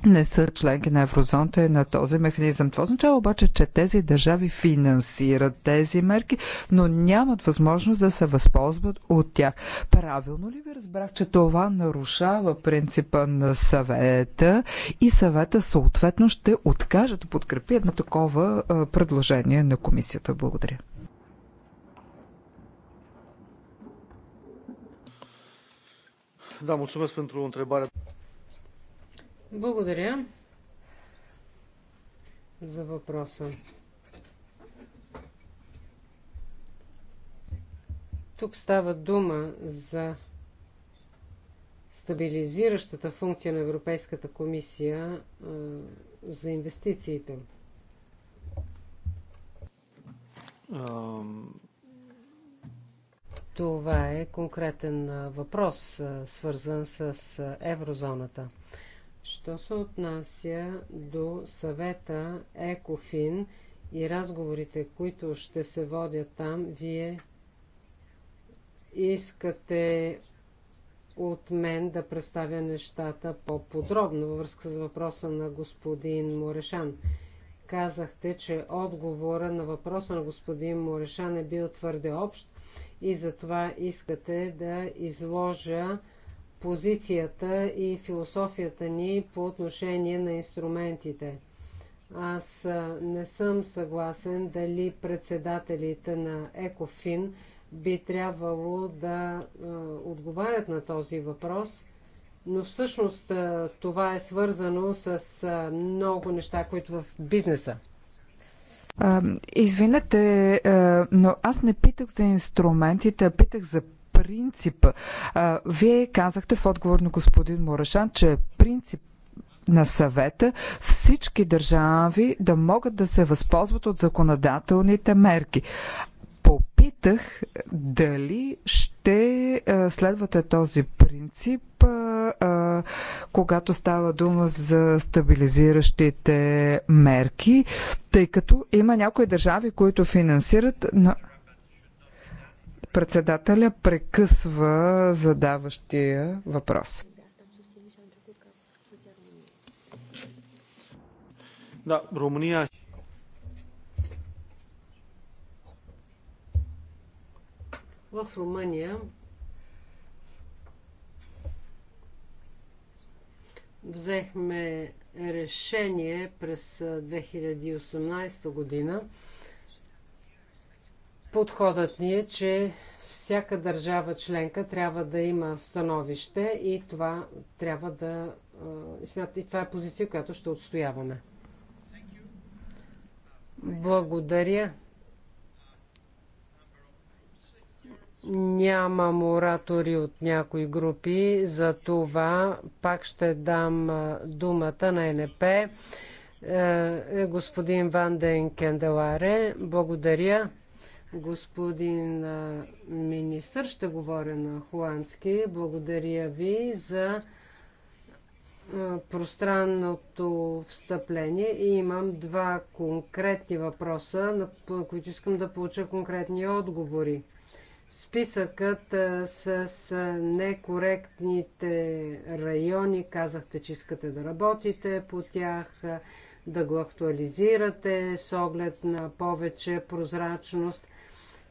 не са членки на еврозоната и на този механизъм. Това означава обаче, че тези държави финансират тези мерки, но нямат възможност да се възползват от тях. Правилно ли ви разбрах, че това нарушава принципа на съвета и съвета съответно ще откаже да подкрепи едно такова предложение на комисията? Благодаря. Да, mulțumesc pentru întrebare. Благодаря за въпроса. Тук става дума за стабилизиращата функция на Европейската комисия а, за инвестициите. Um... Това е конкретен въпрос, свързан с еврозоната. Що се отнася до съвета ЕКОФИН и разговорите, които ще се водят там, вие искате от мен да представя нещата по-подробно във връзка с въпроса на господин Морешан казахте, че отговора на въпроса на господин Морешан е бил твърде общ и затова искате да изложа позицията и философията ни по отношение на инструментите. Аз не съм съгласен дали председателите на ЕКОФИН би трябвало да отговарят на този въпрос но всъщност това е свързано с много неща, които в бизнеса. А, извинете, но аз не питах за инструментите, а питах за А, Вие казахте в отговор на господин Морашан, че е принцип на съвета всички държави да могат да се възползват от законодателните мерки. Попитах дали ще следвате този принцип когато става дума за стабилизиращите мерки, тъй като има някои държави, които финансират. Но... Председателя прекъсва задаващия въпрос. Да, Румъния. В Румъния Взехме решение през 2018 година. Подходът ни е, че всяка държава членка трябва да има становище и това трябва да. И това е позиция, която ще отстояваме. Благодаря. Няма моратори от някои групи, за това пак ще дам думата на НП. Е, е, господин Ванден Кенделаре, благодаря. Господин министр, ще говоря на холандски. Благодаря ви за пространното встъпление и имам два конкретни въпроса, на които искам да получа конкретни отговори. Списъкът с некоректните райони, казахте, че искате да работите по тях, да го актуализирате с оглед на повече прозрачност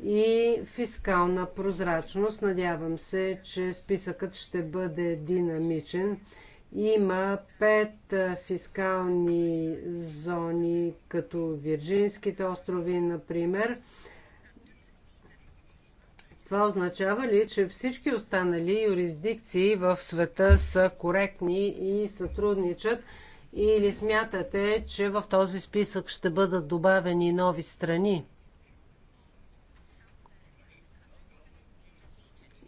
и фискална прозрачност. Надявам се, че списъкът ще бъде динамичен. Има пет фискални зони, като Вирджинските острови, например – това означава ли, че всички останали юрисдикции в света са коректни и сътрудничат? Или смятате, че в този списък ще бъдат добавени нови страни?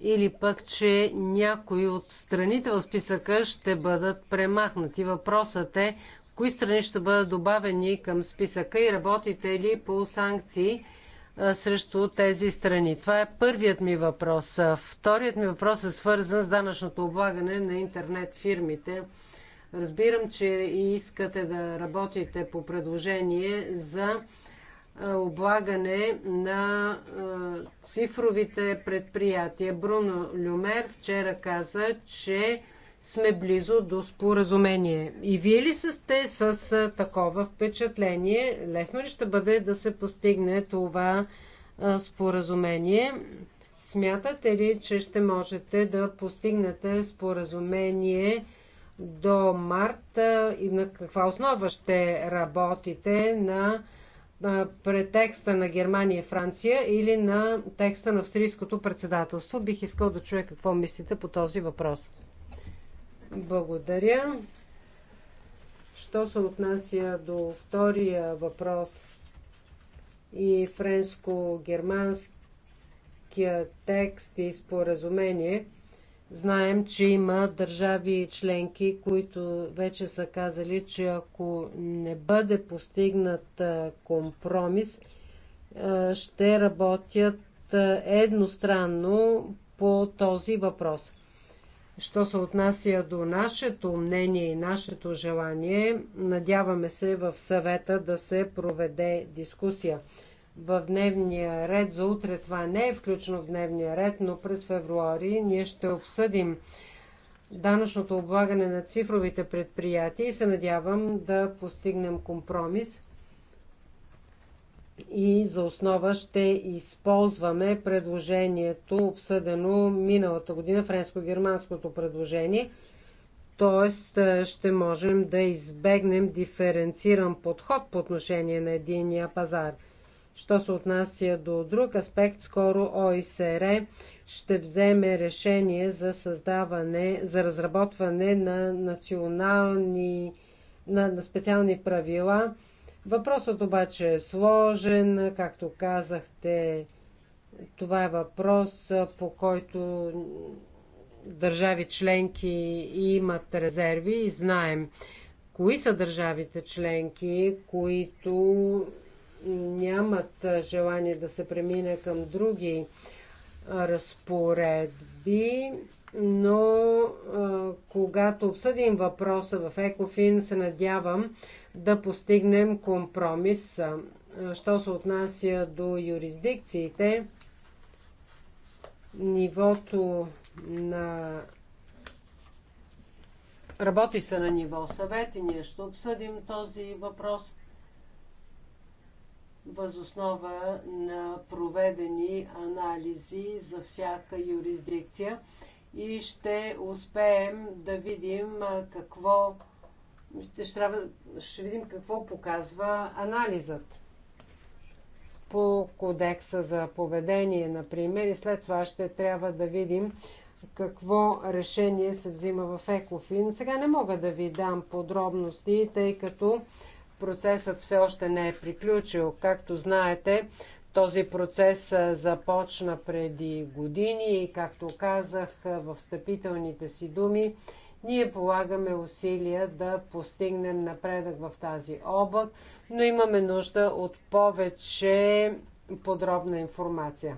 Или пък, че някои от страните в списъка ще бъдат премахнати? Въпросът е, кои страни ще бъдат добавени към списъка и работите ли по санкции? срещу тези страни? Това е първият ми въпрос. Вторият ми въпрос е свързан с данъчното облагане на интернет фирмите. Разбирам, че искате да работите по предложение за облагане на цифровите предприятия. Бруно Люмер вчера каза, че сме близо до споразумение. И вие ли сте с такова впечатление? Лесно ли ще бъде да се постигне това споразумение? Смятате ли, че ще можете да постигнете споразумение до март и на каква основа ще работите на претекста на Германия и Франция или на текста на австрийското председателство? Бих искал да чуя какво мислите по този въпрос. Благодаря. Що се отнася до втория въпрос и френско-германския текст и споразумение, знаем, че има държави и членки, които вече са казали, че ако не бъде постигнат компромис, ще работят едностранно по този въпрос. Що се отнася до нашето мнение и нашето желание, надяваме се в съвета да се проведе дискусия. В дневния ред за утре това не е включено в дневния ред, но през февруари ние ще обсъдим данъчното облагане на цифровите предприятия и се надявам да постигнем компромис – и за основа ще използваме предложението, обсъдено миналата година, френско-германското предложение. Тоест е, ще можем да избегнем диференциран подход по отношение на единия пазар. Що се отнася до друг аспект, скоро ОИСР ще вземе решение за създаване, за разработване на национални, на, на специални правила – Въпросът обаче е сложен, както казахте, това е въпрос, по който държави членки имат резерви и знаем кои са държавите членки, които нямат желание да се премине към други разпоредби но а, когато обсъдим въпроса в Екофин, се надявам да постигнем компромис. Що се отнася до юрисдикциите, нивото на работи се на ниво съвет и ние ще обсъдим този въпрос възоснова на проведени анализи за всяка юрисдикция и ще успеем да видим какво ще, ще видим какво показва анализът по кодекса за поведение, например, и след това ще трябва да видим какво решение се взима в Екофин. Сега не мога да ви дам подробности, тъй като процесът все още не е приключил. Както знаете, този процес започна преди години и, както казах в встъпителните си думи, ние полагаме усилия да постигнем напредък в тази облак, но имаме нужда от повече подробна информация.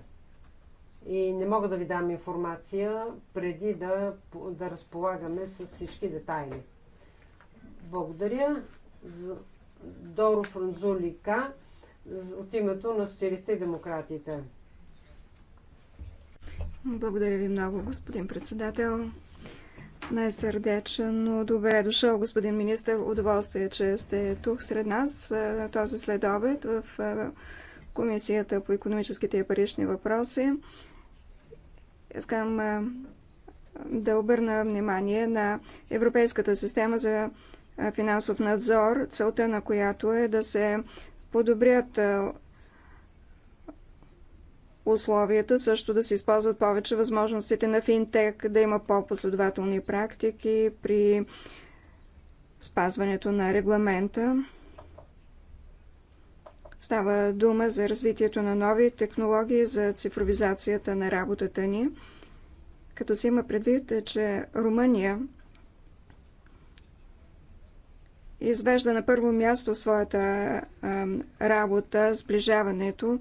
И не мога да ви дам информация преди да, да разполагаме с всички детайли. Благодаря. Доро Франзулика от името на социалиста и демократите. Благодаря ви много, господин председател. Най-сърдечно добре е дошъл, господин министр. Удоволствие, че сте тук сред нас на този следобед в Комисията по економическите и парични въпроси. Искам да обърна внимание на Европейската система за финансов надзор, целта на която е да се подобрят условията, също да се използват повече възможностите на финтек, да има по-последователни практики при спазването на регламента. Става дума за развитието на нови технологии, за цифровизацията на работата ни, като се има предвид, че Румъния извежда на първо място своята работа, сближаването,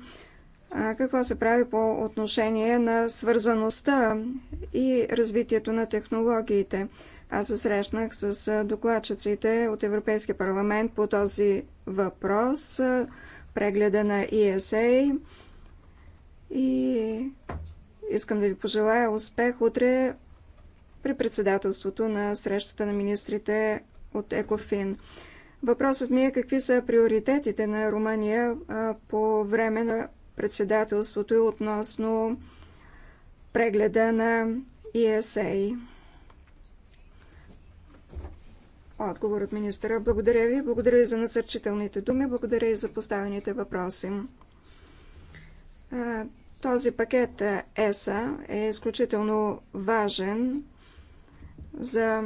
какво се прави по отношение на свързаността и развитието на технологиите. Аз се срещнах с докладчиците от Европейския парламент по този въпрос, прегледа на ESA и искам да ви пожелая успех утре при председателството на срещата на министрите от Екофин. Въпросът ми е какви са приоритетите на Румъния по време на председателството и относно прегледа на ESA. Отговор от министъра. Благодаря ви. Благодаря ви за насърчителните думи. Благодаря и за поставените въпроси. Този пакет ЕСА е изключително важен за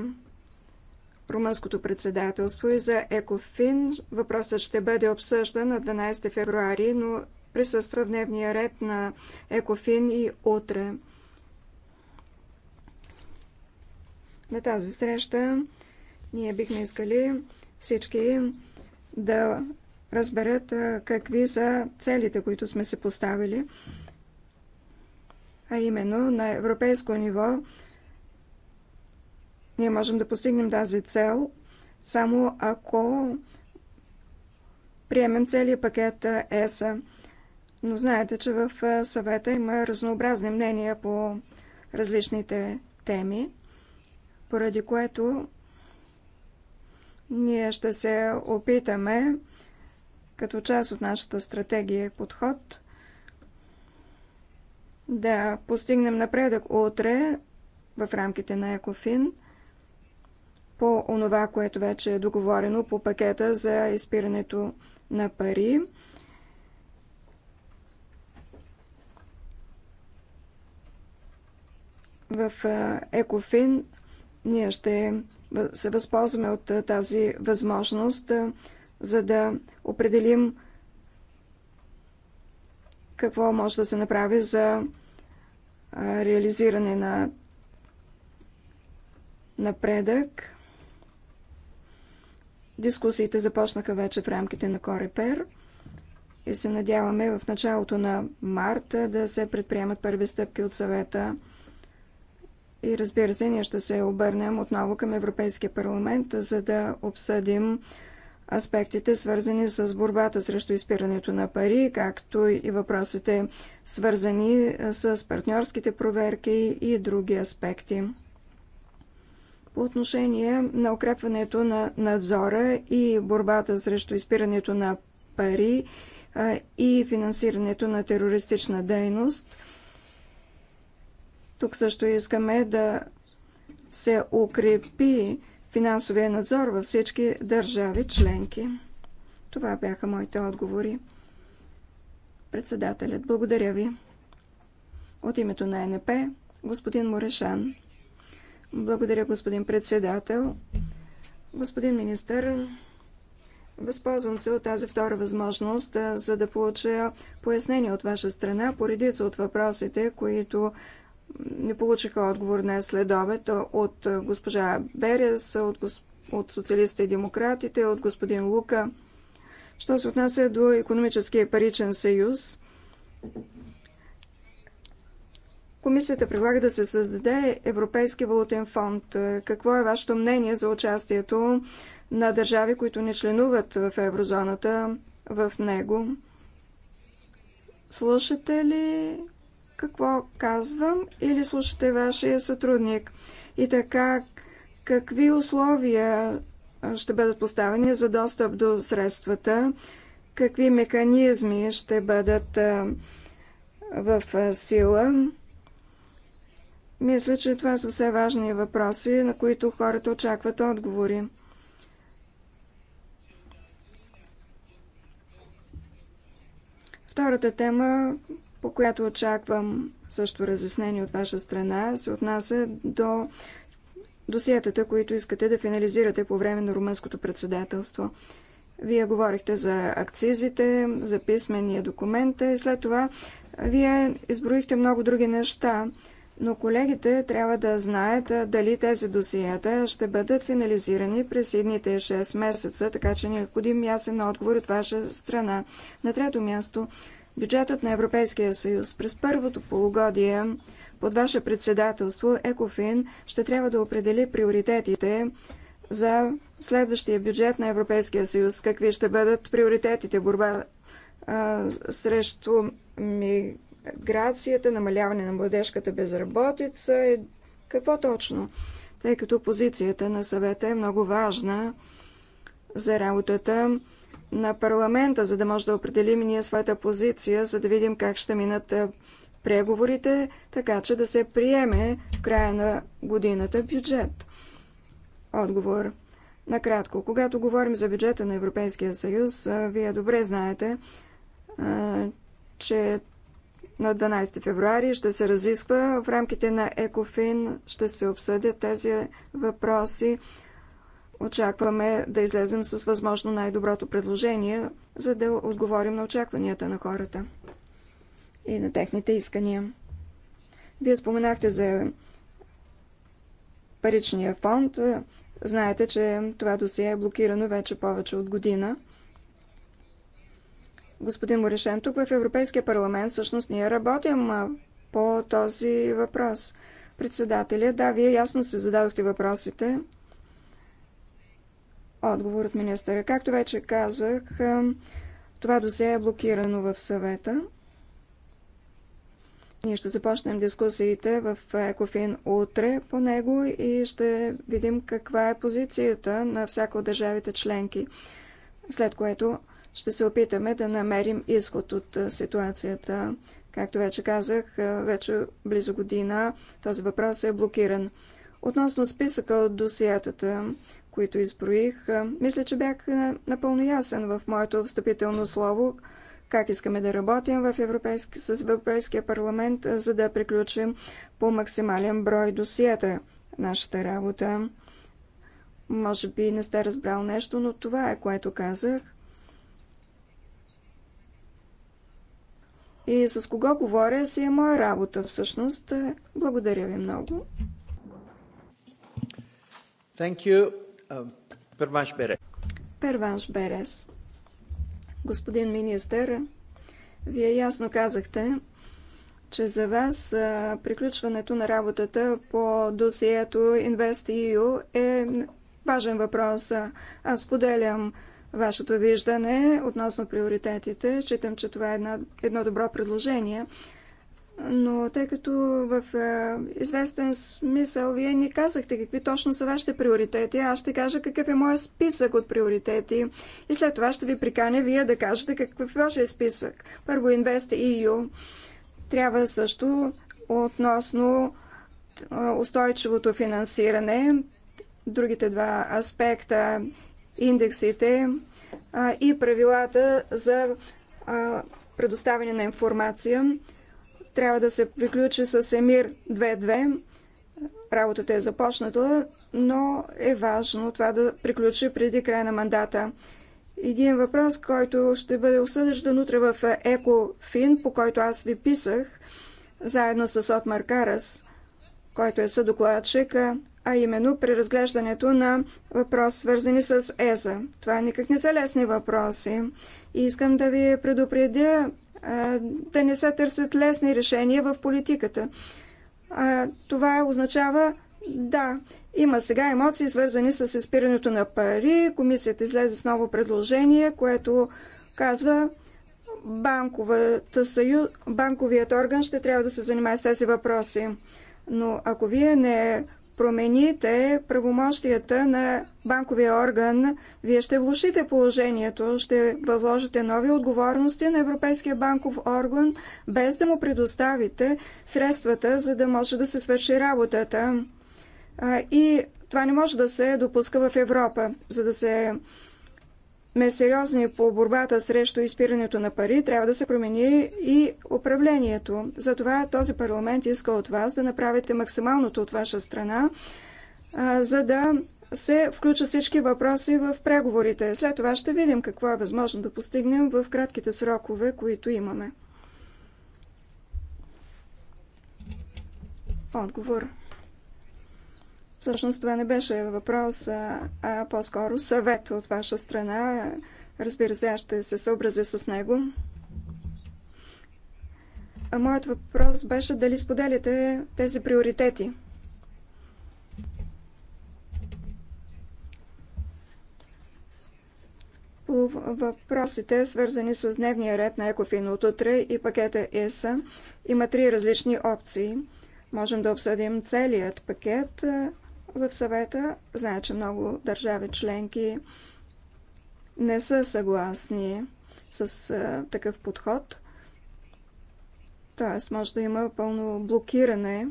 румънското председателство и за ЕКОФИН. Въпросът ще бъде обсъждан на 12 февруари, но присъства в дневния ред на ЕКОФИН и утре. На тази среща ние бихме искали всички да разберат какви са целите, които сме се поставили, а именно на европейско ниво ние можем да постигнем тази цел само ако приемем целият пакет ЕСА. Но знаете, че в съвета има разнообразни мнения по различните теми, поради което ние ще се опитаме като част от нашата стратегия и подход да постигнем напредък утре в рамките на Екофин – по онова, което вече е договорено по пакета за изпирането на пари. В Екофин ние ще се възползваме от тази възможност, за да определим какво може да се направи за реализиране на напредък. Дискусиите започнаха вече в рамките на Корепер и се надяваме в началото на марта да се предприемат първи стъпки от съвета. И разбира се, ние ще се обърнем отново към Европейския парламент, за да обсъдим аспектите, свързани с борбата срещу изпирането на пари, както и въпросите, свързани с партньорските проверки и други аспекти. По отношение на укрепването на надзора и борбата срещу изпирането на пари и финансирането на терористична дейност, тук също искаме да се укрепи финансовия надзор във всички държави членки. Това бяха моите отговори. Председателят, благодаря ви. От името на НП, господин Морешан. Благодаря, господин председател. Господин министър, Възползвам се от тази втора възможност, за да получа пояснение от ваша страна по редица от въпросите, които не получиха отговор днес след обед от госпожа Берес, от, гос... от социалистите и демократите, от господин Лука. Що се отнася до економическия паричен съюз, Комисията предлага да се създаде Европейски валутен фонд. Е, какво е вашето мнение за участието на държави, които не членуват в еврозоната в него? Слушате ли какво казвам или слушате вашия сътрудник? И така, какви условия ще бъдат поставени за достъп до средствата? Какви механизми ще бъдат в сила? Мисля, че това са все важни въпроси, на които хората очакват отговори. Втората тема, по която очаквам също разяснение от ваша страна, се отнася до досиетата, които искате да финализирате по време на румънското председателство. Вие говорихте за акцизите, за писмения документа и след това вие изброихте много други неща но колегите трябва да знаят дали тези досията ще бъдат финализирани през едните 6 месеца, така че е необходим ясен отговор от ваша страна. На трето място, бюджетът на Европейския съюз през първото полугодие под ваше председателство ЕКОФИН ще трябва да определи приоритетите за следващия бюджет на Европейския съюз. Какви ще бъдат приоритетите? Борба а, срещу ми, миграцията, намаляване на младежката безработица и е какво точно? Тъй като позицията на съвета е много важна за работата на парламента, за да може да определим ние своята позиция, за да видим как ще минат преговорите, така че да се приеме в края на годината бюджет. Отговор. Накратко, когато говорим за бюджета на Европейския съюз, вие добре знаете, че на 12 февруари ще се разисква в рамките на ЕКОФИН, ще се обсъдят тези въпроси. Очакваме да излезем с възможно най-доброто предложение, за да отговорим на очакванията на хората и на техните искания. Вие споменахте за паричния фонд. Знаете, че това досие е блокирано вече повече от година господин Морешен, тук в Европейския парламент всъщност ние работим по този въпрос. Председателя, да, вие ясно се зададохте въпросите. Отговор от министъра. Както вече казах, това досе е блокирано в съвета. Ние ще започнем дискусиите в Екофин утре по него и ще видим каква е позицията на всяка от държавите членки, след което ще се опитаме да намерим изход от ситуацията. Както вече казах, вече близо година този въпрос е блокиран. Относно списъка от досиятата, които изброих, мисля, че бях напълно ясен в моето встъпително слово, как искаме да работим в европейски, с Европейския парламент, за да приключим по максимален брой досиета нашата работа. Може би не сте разбрал нещо, но това е което казах. И с кого говоря си е моя работа всъщност. Е, благодаря ви много. Thank you. Uh, Перванш Берес. Берес. Господин министър, вие ясно казахте, че за вас е, приключването на работата по досието InvestEU е важен въпрос. Аз поделям вашето виждане относно приоритетите. Читам, че това е една, едно добро предложение. Но тъй като в е, известен смисъл вие не казахте какви точно са вашите приоритети, аз ще кажа какъв е моят списък от приоритети и след това ще ви приканя вие да кажете какъв е вашия списък. Първо Invest EU трябва също относно е, устойчивото финансиране, другите два аспекта индексите и правилата за предоставяне на информация. Трябва да се приключи с ЕМИР 2.2. Работата е започната, но е важно това да приключи преди края на мандата. Един въпрос, който ще бъде осъдъждан утре в ЕКОФИН, по който аз ви писах, заедно с Отмар Карас, който е съдокладчик, а именно преразглеждането на въпрос, свързани с ЕЗА. Това никак не са лесни въпроси. И искам да ви предупредя да не се търсят лесни решения в политиката. А, това означава да, има сега емоции, свързани с изпирането на пари. Комисията излезе с ново предложение, което казва банковата съю... банковият орган ще трябва да се занимае с тези въпроси. Но ако вие не промените правомощията на банковия орган, вие ще влушите положението, ще възложите нови отговорности на Европейския банков орган, без да му предоставите средствата, за да може да се свърши работата. И това не може да се допуска в Европа. За да се сме сериозни по борбата срещу изпирането на пари, трябва да се промени и управлението. Затова този парламент иска от вас да направите максималното от ваша страна, а, за да се включат всички въпроси в преговорите. След това ще видим какво е възможно да постигнем в кратките срокове, които имаме. Отговор. Всъщност това не беше въпрос, а по-скоро съвет от ваша страна. Разбира се, аз ще се съобразя с него. А моят въпрос беше дали споделяте тези приоритети. По въпросите, свързани с дневния ред на Екофин от утре и пакета ЕСА, има три различни опции. Можем да обсъдим целият пакет в съвета. Знае, че много държави членки не са съгласни с а, такъв подход. Тоест, може да има пълно блокиране,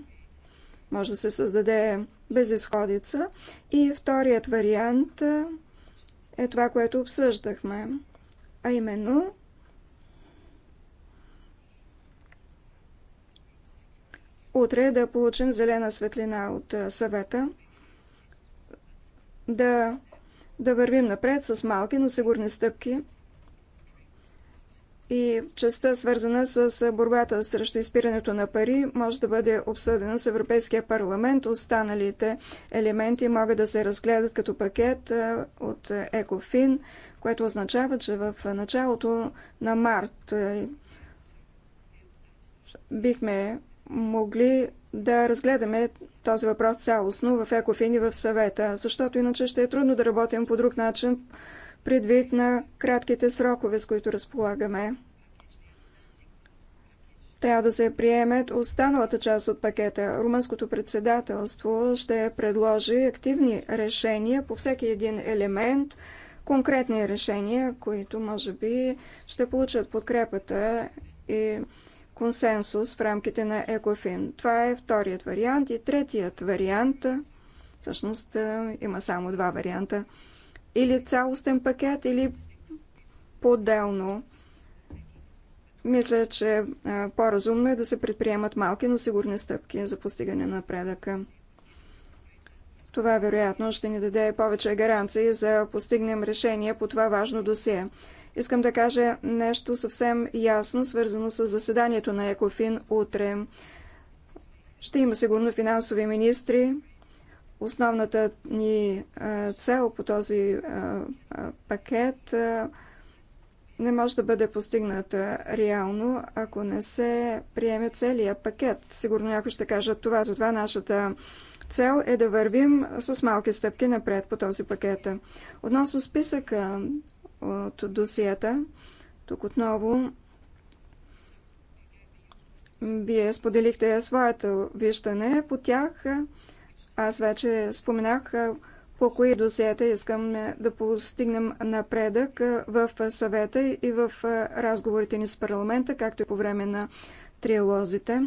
може да се създаде безисходица. И вторият вариант е това, което обсъждахме, а именно утре да получим зелена светлина от съвета – да, да вървим напред с малки, но сигурни стъпки. И частта, свързана с борбата срещу изпирането на пари, може да бъде обсъдена с Европейския парламент. Останалите елементи могат да се разгледат като пакет от ЕКОФИН, което означава, че в началото на март бихме могли да разгледаме този въпрос цялостно в Екофин и в съвета, защото иначе ще е трудно да работим по друг начин предвид на кратките срокове, с които разполагаме. Трябва да се приеме останалата част от пакета. Румънското председателство ще предложи активни решения по всеки един елемент, конкретни решения, които може би ще получат подкрепата и консенсус в рамките на ЕКОФИН. Това е вторият вариант и третият вариант. Всъщност е, има само два варианта. Или цялостен пакет, или по-отделно. Мисля, че е, по-разумно е да се предприемат малки, но сигурни стъпки за постигане на напредъка. Това вероятно ще ни даде повече гаранции за постигнем решение по това важно досие. Искам да кажа нещо съвсем ясно, свързано с заседанието на Екофин утре. Ще има сигурно финансови министри. Основната ни цел по този пакет не може да бъде постигната реално, ако не се приеме целият пакет. Сигурно някой ще каже това. Затова нашата цел е да вървим с малки стъпки напред по този пакет. Относно списъка, от досията. Тук отново вие споделихте своето виждане по тях. Аз вече споменах по кои досията искам да постигнем напредък в съвета и в разговорите ни с парламента, както и по време на триалозите.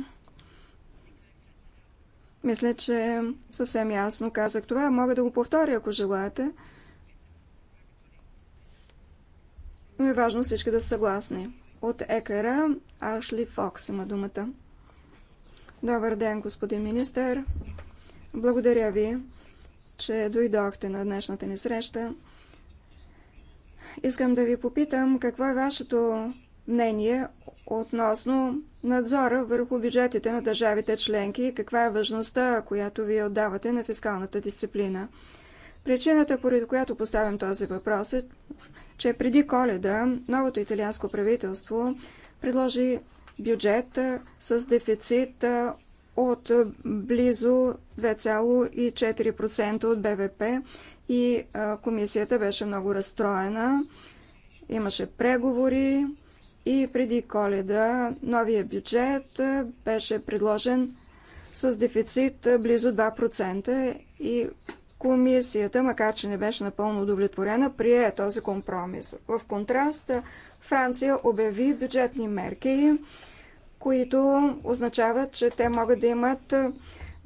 Мисля, че съвсем ясно казах това. Мога да го повторя, ако желаете. но е важно всички да са съгласни. От екара Ашли Фокс има думата. Добър ден, господин министър. Благодаря ви, че дойдохте на днешната ни среща. Искам да ви попитам какво е вашето мнение относно надзора върху бюджетите на държавите членки и каква е важността, която вие отдавате на фискалната дисциплина. Причината, поради която поставям този въпрос е, че преди коледа новото италианско правителство предложи бюджет с дефицит от близо 2,4% от БВП и комисията беше много разстроена. Имаше преговори и преди коледа новия бюджет беше предложен с дефицит близо 2% и Комисията, макар че не беше напълно удовлетворена, прие този компромис. В контраст, Франция обяви бюджетни мерки, които означават, че те могат да имат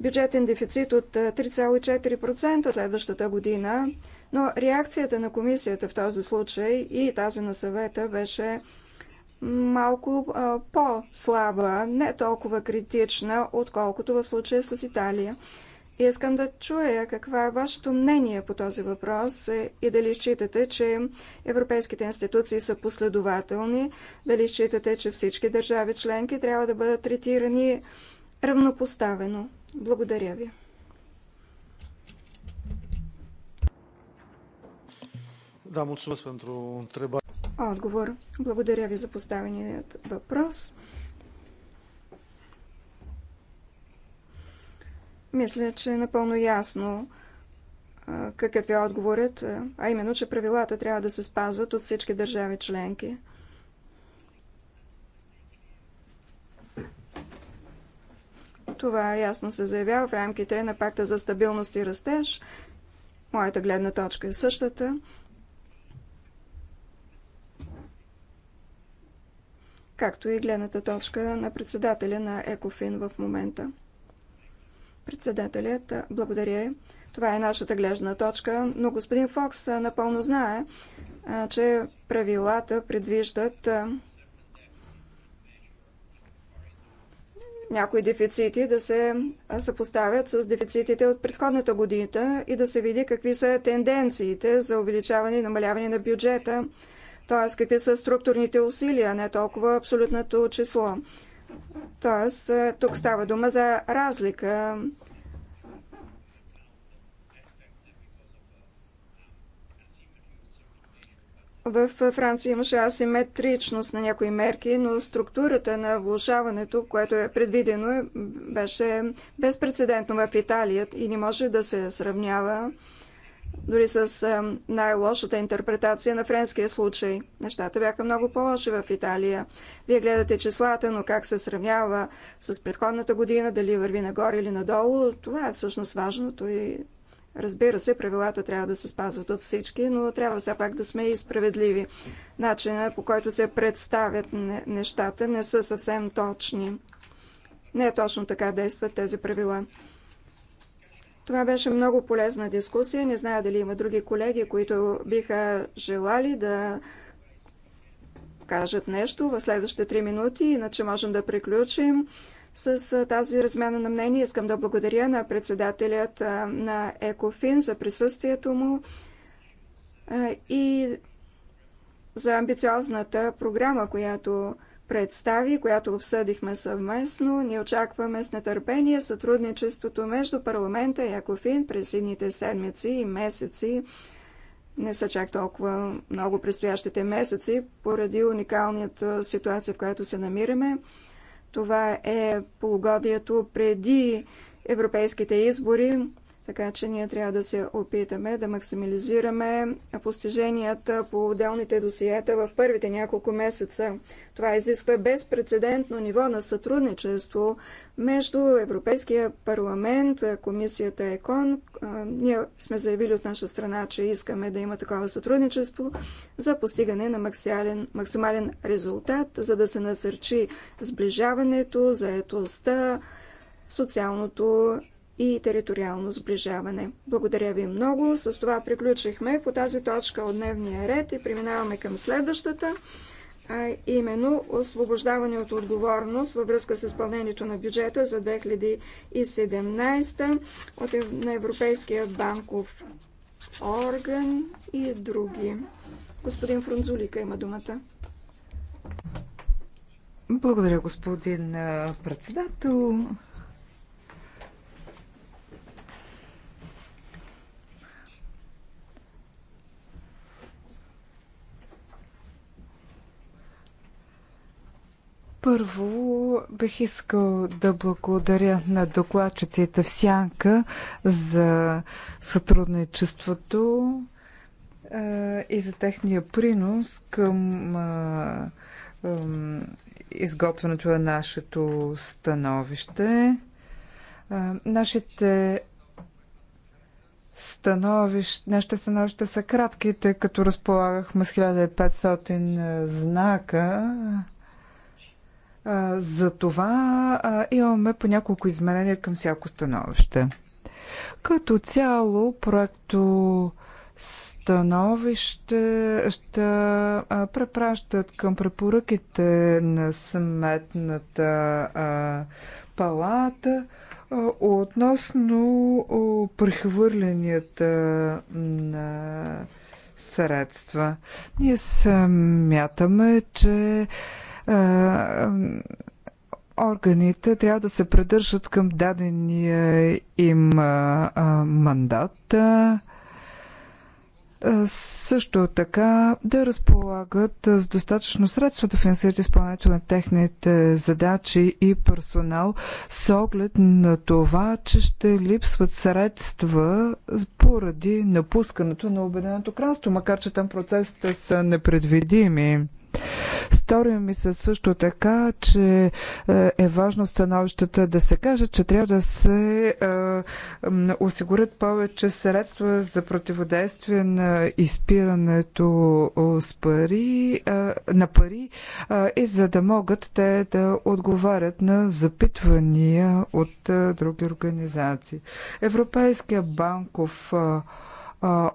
бюджетен дефицит от 3,4% следващата година, но реакцията на комисията в този случай и тази на съвета беше малко по-слаба, не толкова критична, отколкото в случая с Италия. И искам да чуя каква е вашето мнение по този въпрос е, и дали считате, че европейските институции са последователни, дали считате, че всички държави членки трябва да бъдат третирани равнопоставено. Благодаря ви. Да, мулțumesc pentru întrebare. Отговор. Благодаря ви за поставеният въпрос. Мисля, че е напълно ясно какъв е отговорът, а именно, че правилата трябва да се спазват от всички държави членки. Това ясно се заявява в рамките на пакта за стабилност и растеж. Моята гледна точка е същата. Както и гледната точка на председателя на Екофин в момента. Председателят, благодаря. Това е нашата гледна точка, но господин Фокс напълно знае, че правилата предвиждат някои дефицити да се съпоставят с дефицитите от предходната година и да се види какви са тенденциите за увеличаване и намаляване на бюджета, т.е. какви са структурните усилия, не толкова абсолютното число. Тоест, е, тук става дума за разлика. В Франция имаше асиметричност на някои мерки, но структурата на влушаването, което е предвидено, е, беше безпредседентно в Италия и не може да се сравнява дори с най-лошата интерпретация на френския случай. Нещата бяха много по-лоши в Италия. Вие гледате числата, но как се сравнява с предходната година, дали върви нагоре или надолу, това е всъщност важното и Разбира се, правилата трябва да се спазват от всички, но трябва все пак да сме и справедливи. Начина по който се представят нещата не са съвсем точни. Не е точно така действат тези правила. Това беше много полезна дискусия. Не зная дали има други колеги, които биха желали да кажат нещо в следващите 3 минути, иначе можем да приключим с тази размяна на мнение. Искам да благодаря на председателят на ЕКОФИН за присъствието му и за амбициозната програма, която представи, която обсъдихме съвместно. Ние очакваме с нетърпение сътрудничеството между парламента и Екофин през едните седмици и месеци. Не са чак толкова много предстоящите месеци, поради уникалната ситуация, в която се намираме. Това е полугодието преди европейските избори. Така че ние трябва да се опитаме да максимализираме постиженията по отделните досиета в първите няколко месеца. Това изисква безпредседентно ниво на сътрудничество между Европейския парламент, комисията ЕКОН. Ние сме заявили от наша страна, че искаме да има такова сътрудничество за постигане на максимален, максимален резултат, за да се насърчи сближаването, заетостта, социалното и териториално сближаване. Благодаря ви много. С това приключихме по тази точка от дневния ред и преминаваме към следващата, а именно освобождаване от отговорност във връзка с изпълнението на бюджета за 2017 от, на Европейския банков орган и други. Господин Фрунзулика има думата. Благодаря, господин председател. Първо бих искал да благодаря на докладчиците Сянка за сътрудничеството и за техния принос към изготвянето на нашето становище. Нашите становищ, нашите становища са кратки, тъй като разполагахме с 1500 знака. За това имаме по няколко изменения към всяко становище. Като цяло, проекто становище ще препращат към препоръките на Сметната палата относно прехвърлянията на средства. Ние смятаме, че органите трябва да се придържат към дадения им мандат. Също така да разполагат с достатъчно средства да финансират изпълнението на техните задачи и персонал с оглед на това, че ще липсват средства поради напускането на Обединеното кралство, макар че там процесите са непредвидими. Стори ми се също така, че е, е важно становищата да се каже, че трябва да се е, осигурят повече средства за противодействие на изпирането с пари, е, на пари и за да могат те да отговарят на запитвания от други организации. Европейския банков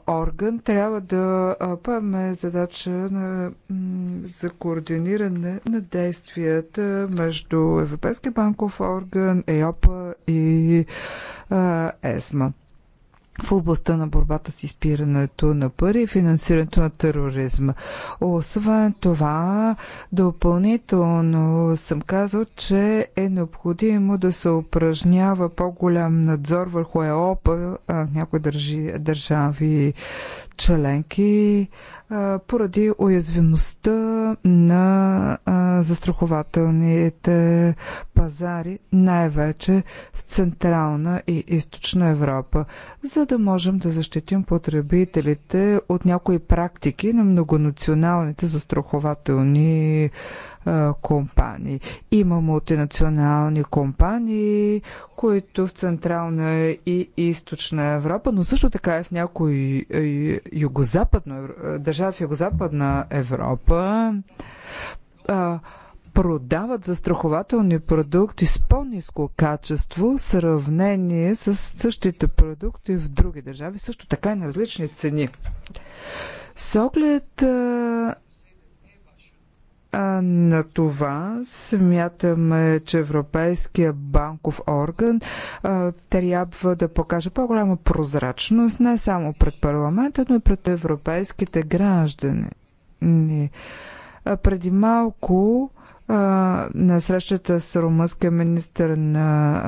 орган трябва да поеме задача на, за координиране на действията между Европейския банков орган, ЕОПА и ЕСМА в областта на борбата с изпирането на пари и финансирането на тероризма. Освен това, допълнително съм казал, че е необходимо да се упражнява по-голям надзор върху ЕОП някои държи, държави членки поради уязвимостта на застрахователните пазари, най-вече в Централна и Източна Европа, за да можем да защитим потребителите от някои практики на многонационалните застрахователни компании. Има мултинационални компании, които в Централна и Източна Европа, но също така и в някои югозападно, държави в Югозападна Европа продават застрахователни продукти с по-низко качество в сравнение с същите продукти в други държави, също така и на различни цени. С оглед на това смятаме, че Европейския банков орган а, трябва да покаже по-голяма прозрачност не само пред парламента, но и пред европейските граждани. Преди малко на срещата с румънския министр на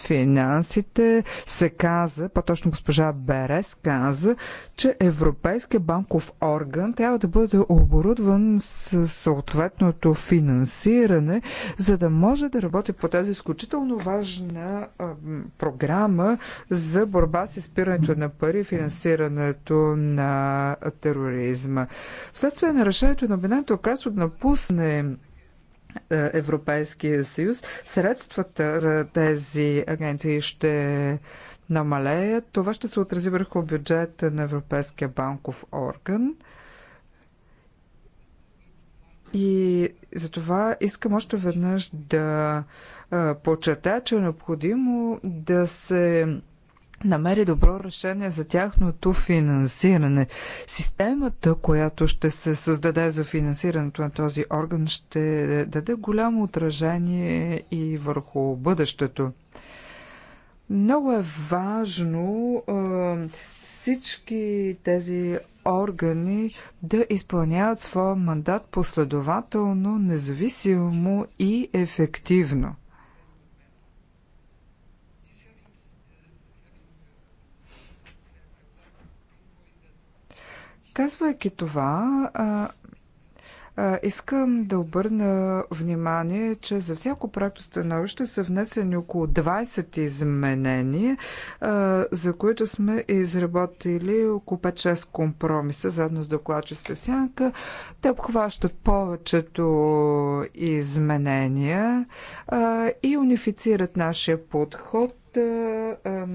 финансите се каза, по-точно госпожа Берес каза, че Европейския банков орган трябва да бъде оборудван с съответното финансиране, за да може да работи по тази изключително важна програма за борба с изпирането на пари и финансирането на тероризма. Вследствие на решението на Бенето от напусне е, Европейския съюз, средствата за тези агенции ще намалеят. Това ще се отрази върху бюджета на Европейския банков орган. И затова искам още веднъж да подчертая, че е необходимо да се намери добро решение за тяхното финансиране. Системата, която ще се създаде за финансирането на този орган, ще даде голямо отражение и върху бъдещето. Много е важно всички тези органи да изпълняват своя мандат последователно, независимо и ефективно. Казвайки това, а, а, искам да обърна внимание, че за всяко проекто становище са внесени около 20 изменения, а, за които сме изработили около 5-6 компромиса, заедно с докладчеста в сянка. Те обхващат повечето изменения а, и унифицират нашия подход. А, а,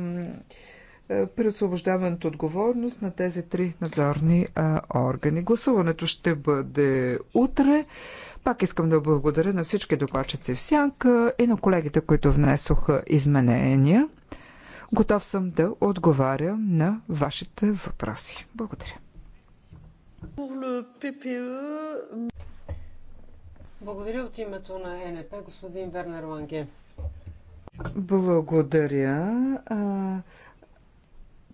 е, при освобождаването отговорност на тези три надзорни а, органи. Гласуването ще бъде утре. Пак искам да благодаря на всички докладчици в Сянка и на колегите, които внесоха изменения. Готов съм да отговаря на вашите въпроси. Благодаря. E. Благодаря от името на НП, господин Вернер Ланге. Благодаря.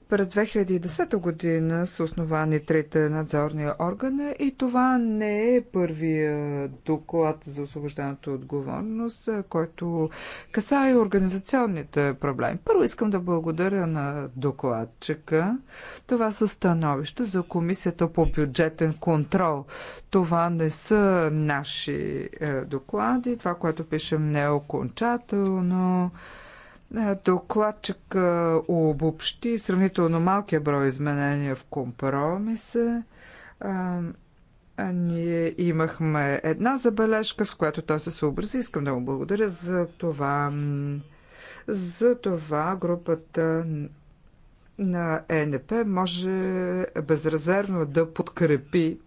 През 2010 година са основани трите надзорни органа и това не е първия доклад за освобождената отговорност, който касае организационните проблеми. Първо искам да благодаря на докладчика. Това са становища за Комисията по бюджетен контрол. Това не са наши е, доклади. Това, което пишем не е окончателно. Е, докладчик е, обобщи сравнително малкия брой изменения в компромиса. Е, ние имахме една забележка, с която той се съобрази. Искам да му благодаря за това. За това групата на ЕНП може безрезервно да подкрепи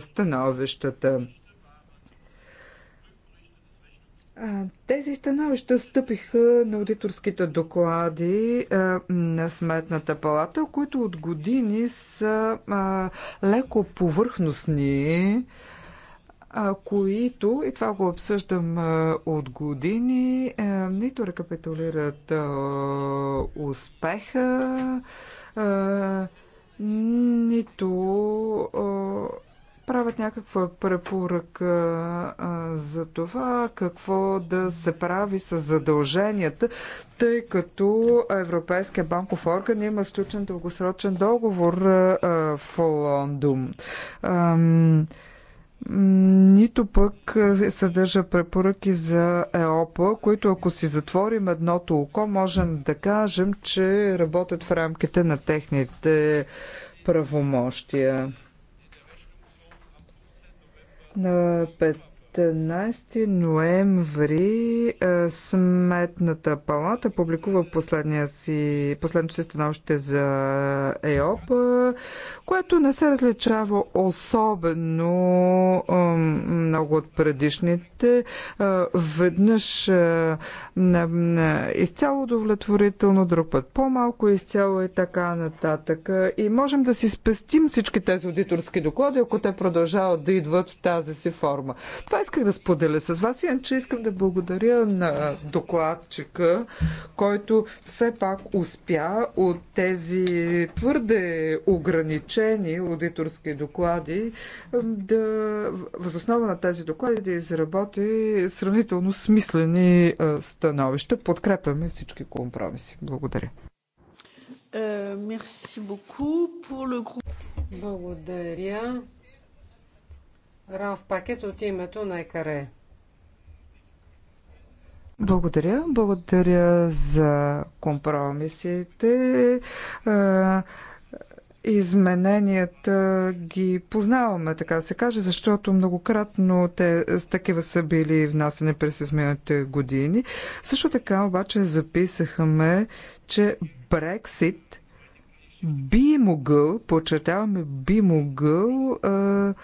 становищата. Тези становища стъпиха на аудиторските доклади на Сметната палата, които от години са леко повърхностни, които, и това го обсъждам от години, нито рекапитулират успеха, нито правят някаква препоръка а, за това какво да се прави с задълженията, тъй като Европейския банков орган има сключен дългосрочен договор а, в Лондон. А, нито пък съдържа препоръки за ЕОПа, които ако си затворим едното око, можем да кажем, че работят в рамките на техните правомощия. На 14 ноември е, Сметната палата публикува последния си, последното си становище за ЕОП, което не се различава особено е, много от предишните. Е, веднъж изцяло удовлетворително, друг път по-малко изцяло и така нататък. И можем да си спестим всички тези аудиторски доклади, ако те продължават да идват в тази си форма. Това е исках да споделя с вас, иначе искам да благодаря на докладчика, който все пак успя от тези твърде ограничени аудиторски доклади да възоснова на тези доклади да изработи сравнително смислени становища. Подкрепяме всички компромиси. Благодаря. Е, благодаря. Ралф Пакет от името на ЕКАРЕ. Благодаря. Благодаря за компромисите. Измененията ги познаваме, така се каже, защото многократно те с такива са били внасяни през изминалите години. Също така обаче записахме, че Брексит би могъл, подчертаваме, би могъл а,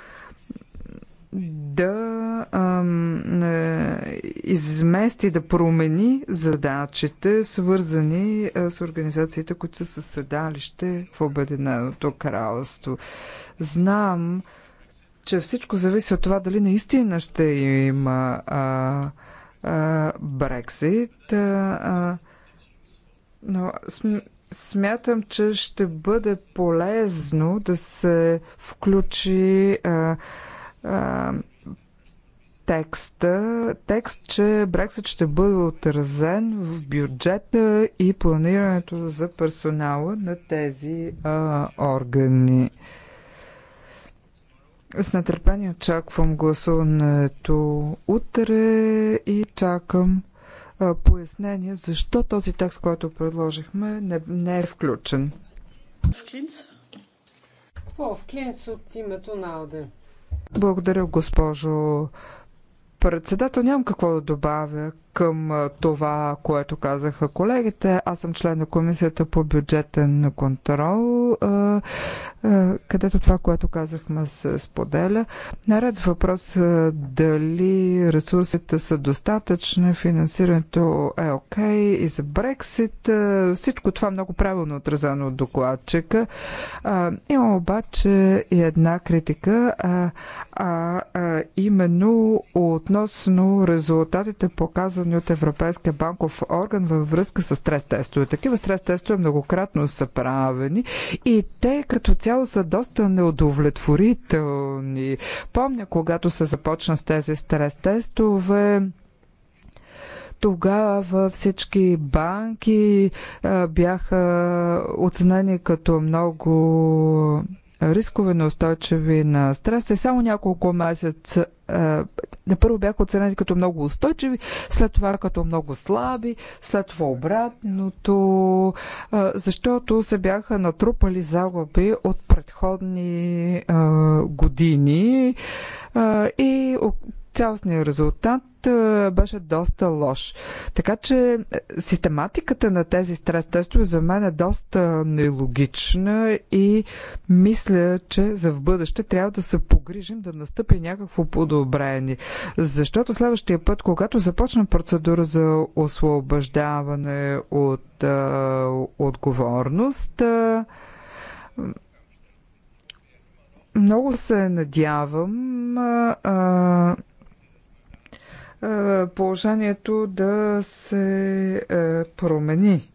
да ам, е, измести, да промени задачите, свързани а, е, с организациите, които са със седалище в Обединеното кралство. Знам, че всичко зависи от това дали наистина ще има а, а, Брексит, а, но смятам, че ще бъде полезно да се включи. А, текста, текст, че Брексит ще бъде отразен в бюджета и планирането за персонала на тези а, органи. С нетърпение очаквам гласуването утре и чакам а, пояснение защо този текст, който предложихме, не, не е включен. В Клинц? О, в Клинц от името на Ауден. Благодаря, госпожо председател. Нямам какво да добавя към това, което казаха колегите. Аз съм член на комисията по бюджетен контрол, където това, което казахме, се споделя. Наред с въпрос дали ресурсите са достатъчни, финансирането е окей okay, и за Брексит. Всичко това много правилно отразено от докладчика. има, обаче и една критика, а именно относно резултатите показани свързани от Европейския банков орган във връзка с стрес-тестове. Такива стрес-тестове многократно са правени и те като цяло са доста неудовлетворителни. Помня, когато се започна с тези стрес-тестове, тогава всички банки бяха оценени като много рискове, неустойчиви на стрес и е само няколко месеца е, на първо бяха оценени като много устойчиви, след това като много слаби, след това обратното, е, защото се бяха натрупали загуби от предходни години и цялостният резултат беше доста лош. Така че е, систематиката на тези стрес тестове за мен е доста нелогична и мисля, че за в бъдеще трябва да се погрижим да настъпи някакво подобрение. Защото следващия път, когато започна процедура за освобождаване от а, отговорност, а, много се надявам а, е, положението да се е, промени.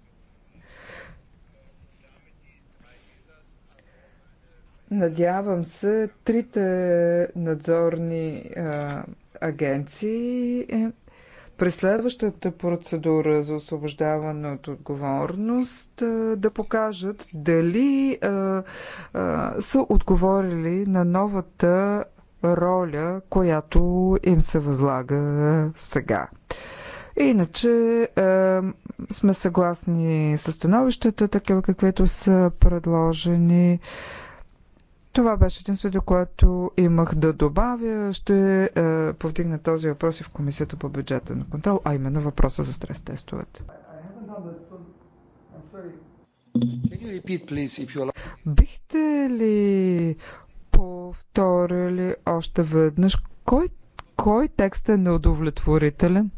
Надявам се, трите надзорни а, е, агенции е, през следващата процедура за освобождаване от отговорност а, да покажат дали а, а, са отговорили на новата роля, която им се възлага сега. Иначе е, сме съгласни с становищата, такива каквито са предложени. Това беше единството, което имах да добавя. Ще е, повдигна този въпрос и в Комисията по бюджетен контрол, а именно въпроса за стрес тестовете. Бихте ли повторя ли още веднъж кой, кой текст е неудовлетворителен?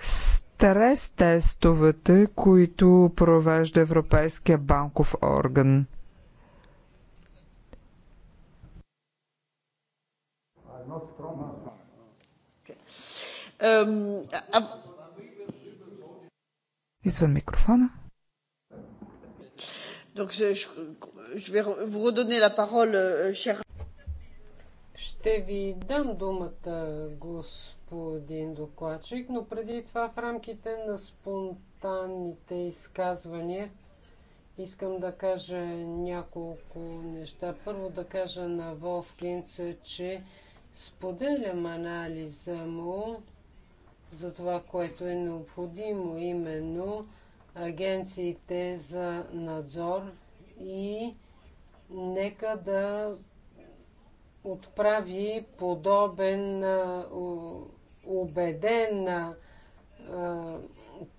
Стрес тестовете, които провежда Европейския банков орган. Извън микрофона. Donc je, je, vais vous redonner la parole, euh, cher. Ще ви дам думата, господин докладчик, но преди това в рамките на спонтанните изказвания искам да кажа няколко неща. Първо да кажа на Волф че споделям анализа му за това, което е необходимо именно агенциите за надзор и нека да отправи подобен убеден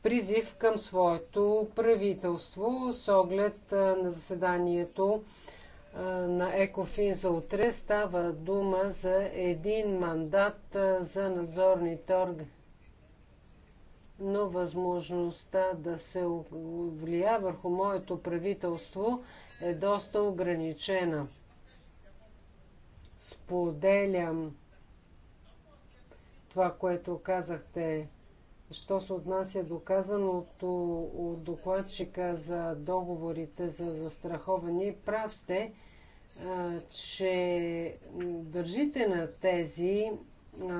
призив към своето правителство с оглед на заседанието на Екофин за утре. Става дума за един мандат за надзорните органи но възможността да се влия върху моето правителство е доста ограничена. Споделям това, което казахте. Що се отнася до казаното от докладчика за договорите за застраховане, прав сте, че държите на тези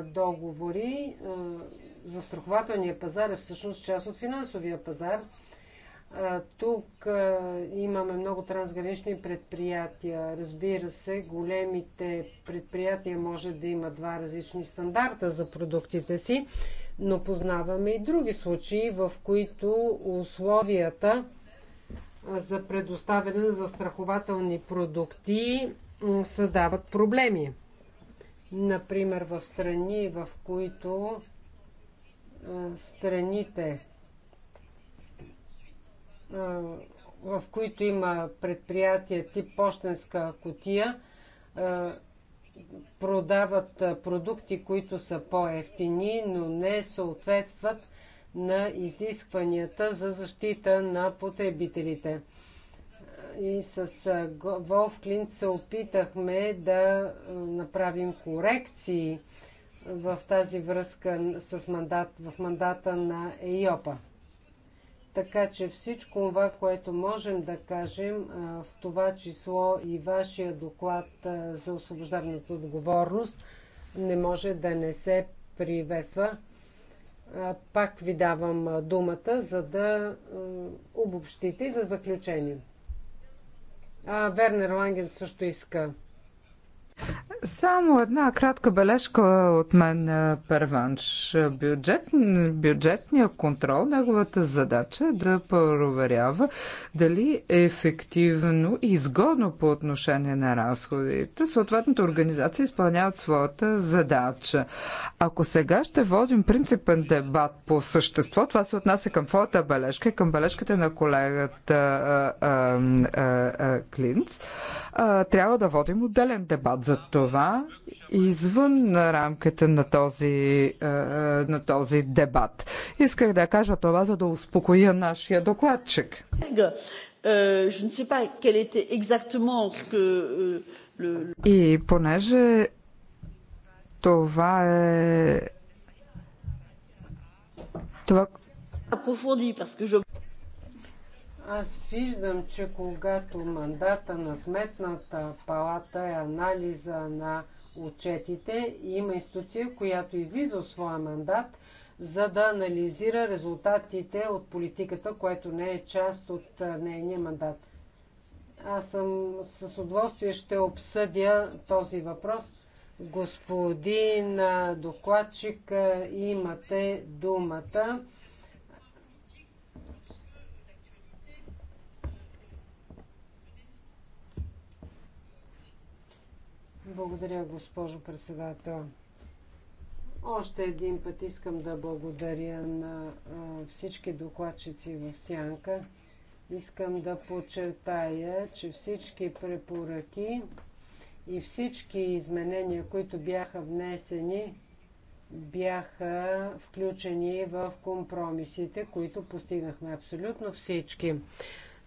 договори застрахователният пазар е всъщност част от финансовия пазар. Тук имаме много трансгранични предприятия. Разбира се, големите предприятия може да имат два различни стандарта за продуктите си, но познаваме и други случаи, в които условията за предоставяне на застрахователни продукти създават проблеми. Например, в страни, в които страните, в които има предприятия тип почтенска котия, продават продукти, които са по-ефтини, но не съответстват на изискванията за защита на потребителите. И с Клинт се опитахме да направим корекции в тази връзка с мандат, в мандата на ЕИОПА. Така че всичко това, което можем да кажем, в това число и вашия доклад за освобождаването отговорност, не може да не се приветства. Пак ви давам думата, за да обобщите и за заключение. А, Вернер Ланген също иска. Само една кратка бележка от мен първанш. Е, Перванш. Бюджет, бюджетния контрол, неговата задача е да проверява дали е ефективно и изгодно по отношение на разходите. Съответната организация изпълняват своята задача. Ако сега ще водим принципен дебат по същество, това се отнася към твоята бележка и към бележката на колегата а, а, а, Клинц, е, трябва да водим отделен дебат за това това извън рамката на този, е, е, на този дебат. Исках да кажа това, за да успокоя нашия докладчик. Е, И понеже това е това, аз виждам, че когато мандата на сметната палата е анализа на отчетите, има институция, която излиза от своя мандат, за да анализира резултатите от политиката, което не е част от нейния мандат. Аз съм с удоволствие ще обсъдя този въпрос. Господин докладчик, имате думата. Благодаря, госпожо председател. Още един път искам да благодаря на всички докладчици в Сянка. Искам да подчертая, че всички препоръки и всички изменения, които бяха внесени, бяха включени в компромисите, които постигнахме абсолютно всички.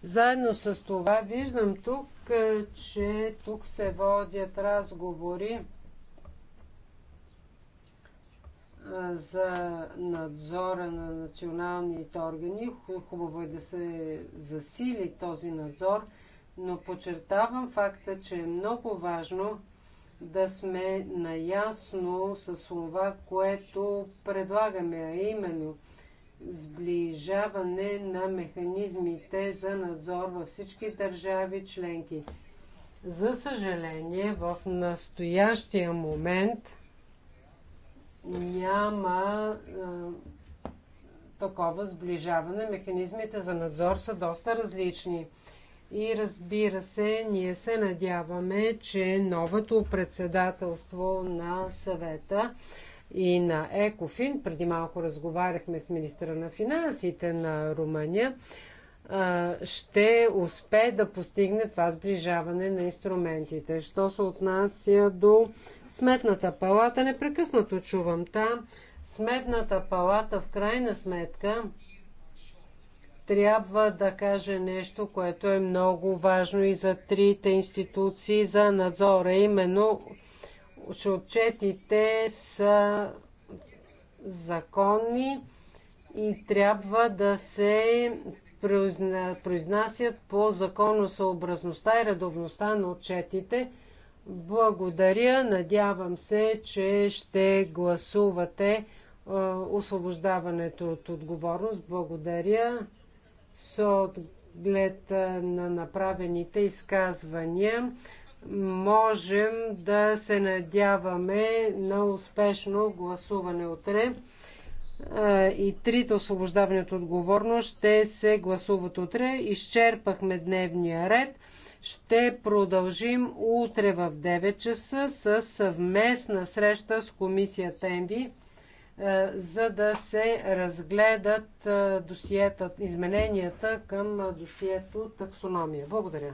Заедно с това виждам тук, е, че тук се водят разговори е, за надзора на националните органи. Хубаво е да се засили този надзор, но подчертавам факта, че е много важно да сме наясно с това, което предлагаме, а именно – сближаване на механизмите за надзор във всички държави членки. За съжаление, в настоящия момент няма а, такова сближаване. Механизмите за надзор са доста различни. И разбира се, ние се надяваме, че новото председателство на съвета и на Екофин. Преди малко разговаряхме с министра на финансите на Румъния ще успее да постигне това сближаване на инструментите. Що се отнася до Сметната палата, непрекъснато чувам там. Сметната палата в крайна сметка трябва да каже нещо, което е много важно и за трите институции за надзора, именно че отчетите са законни и трябва да се произнасят по законосъобразността и редовността на отчетите. Благодаря. Надявам се, че ще гласувате е, освобождаването от отговорност. Благодаря. С оглед е, на направените изказвания можем да се надяваме на успешно гласуване утре. И трите освобождаване от отговорност ще се гласуват утре. Изчерпахме дневния ред. Ще продължим утре в 9 часа с съвместна среща с комисията МВИ за да се разгледат досиета, измененията към досието таксономия. Благодаря.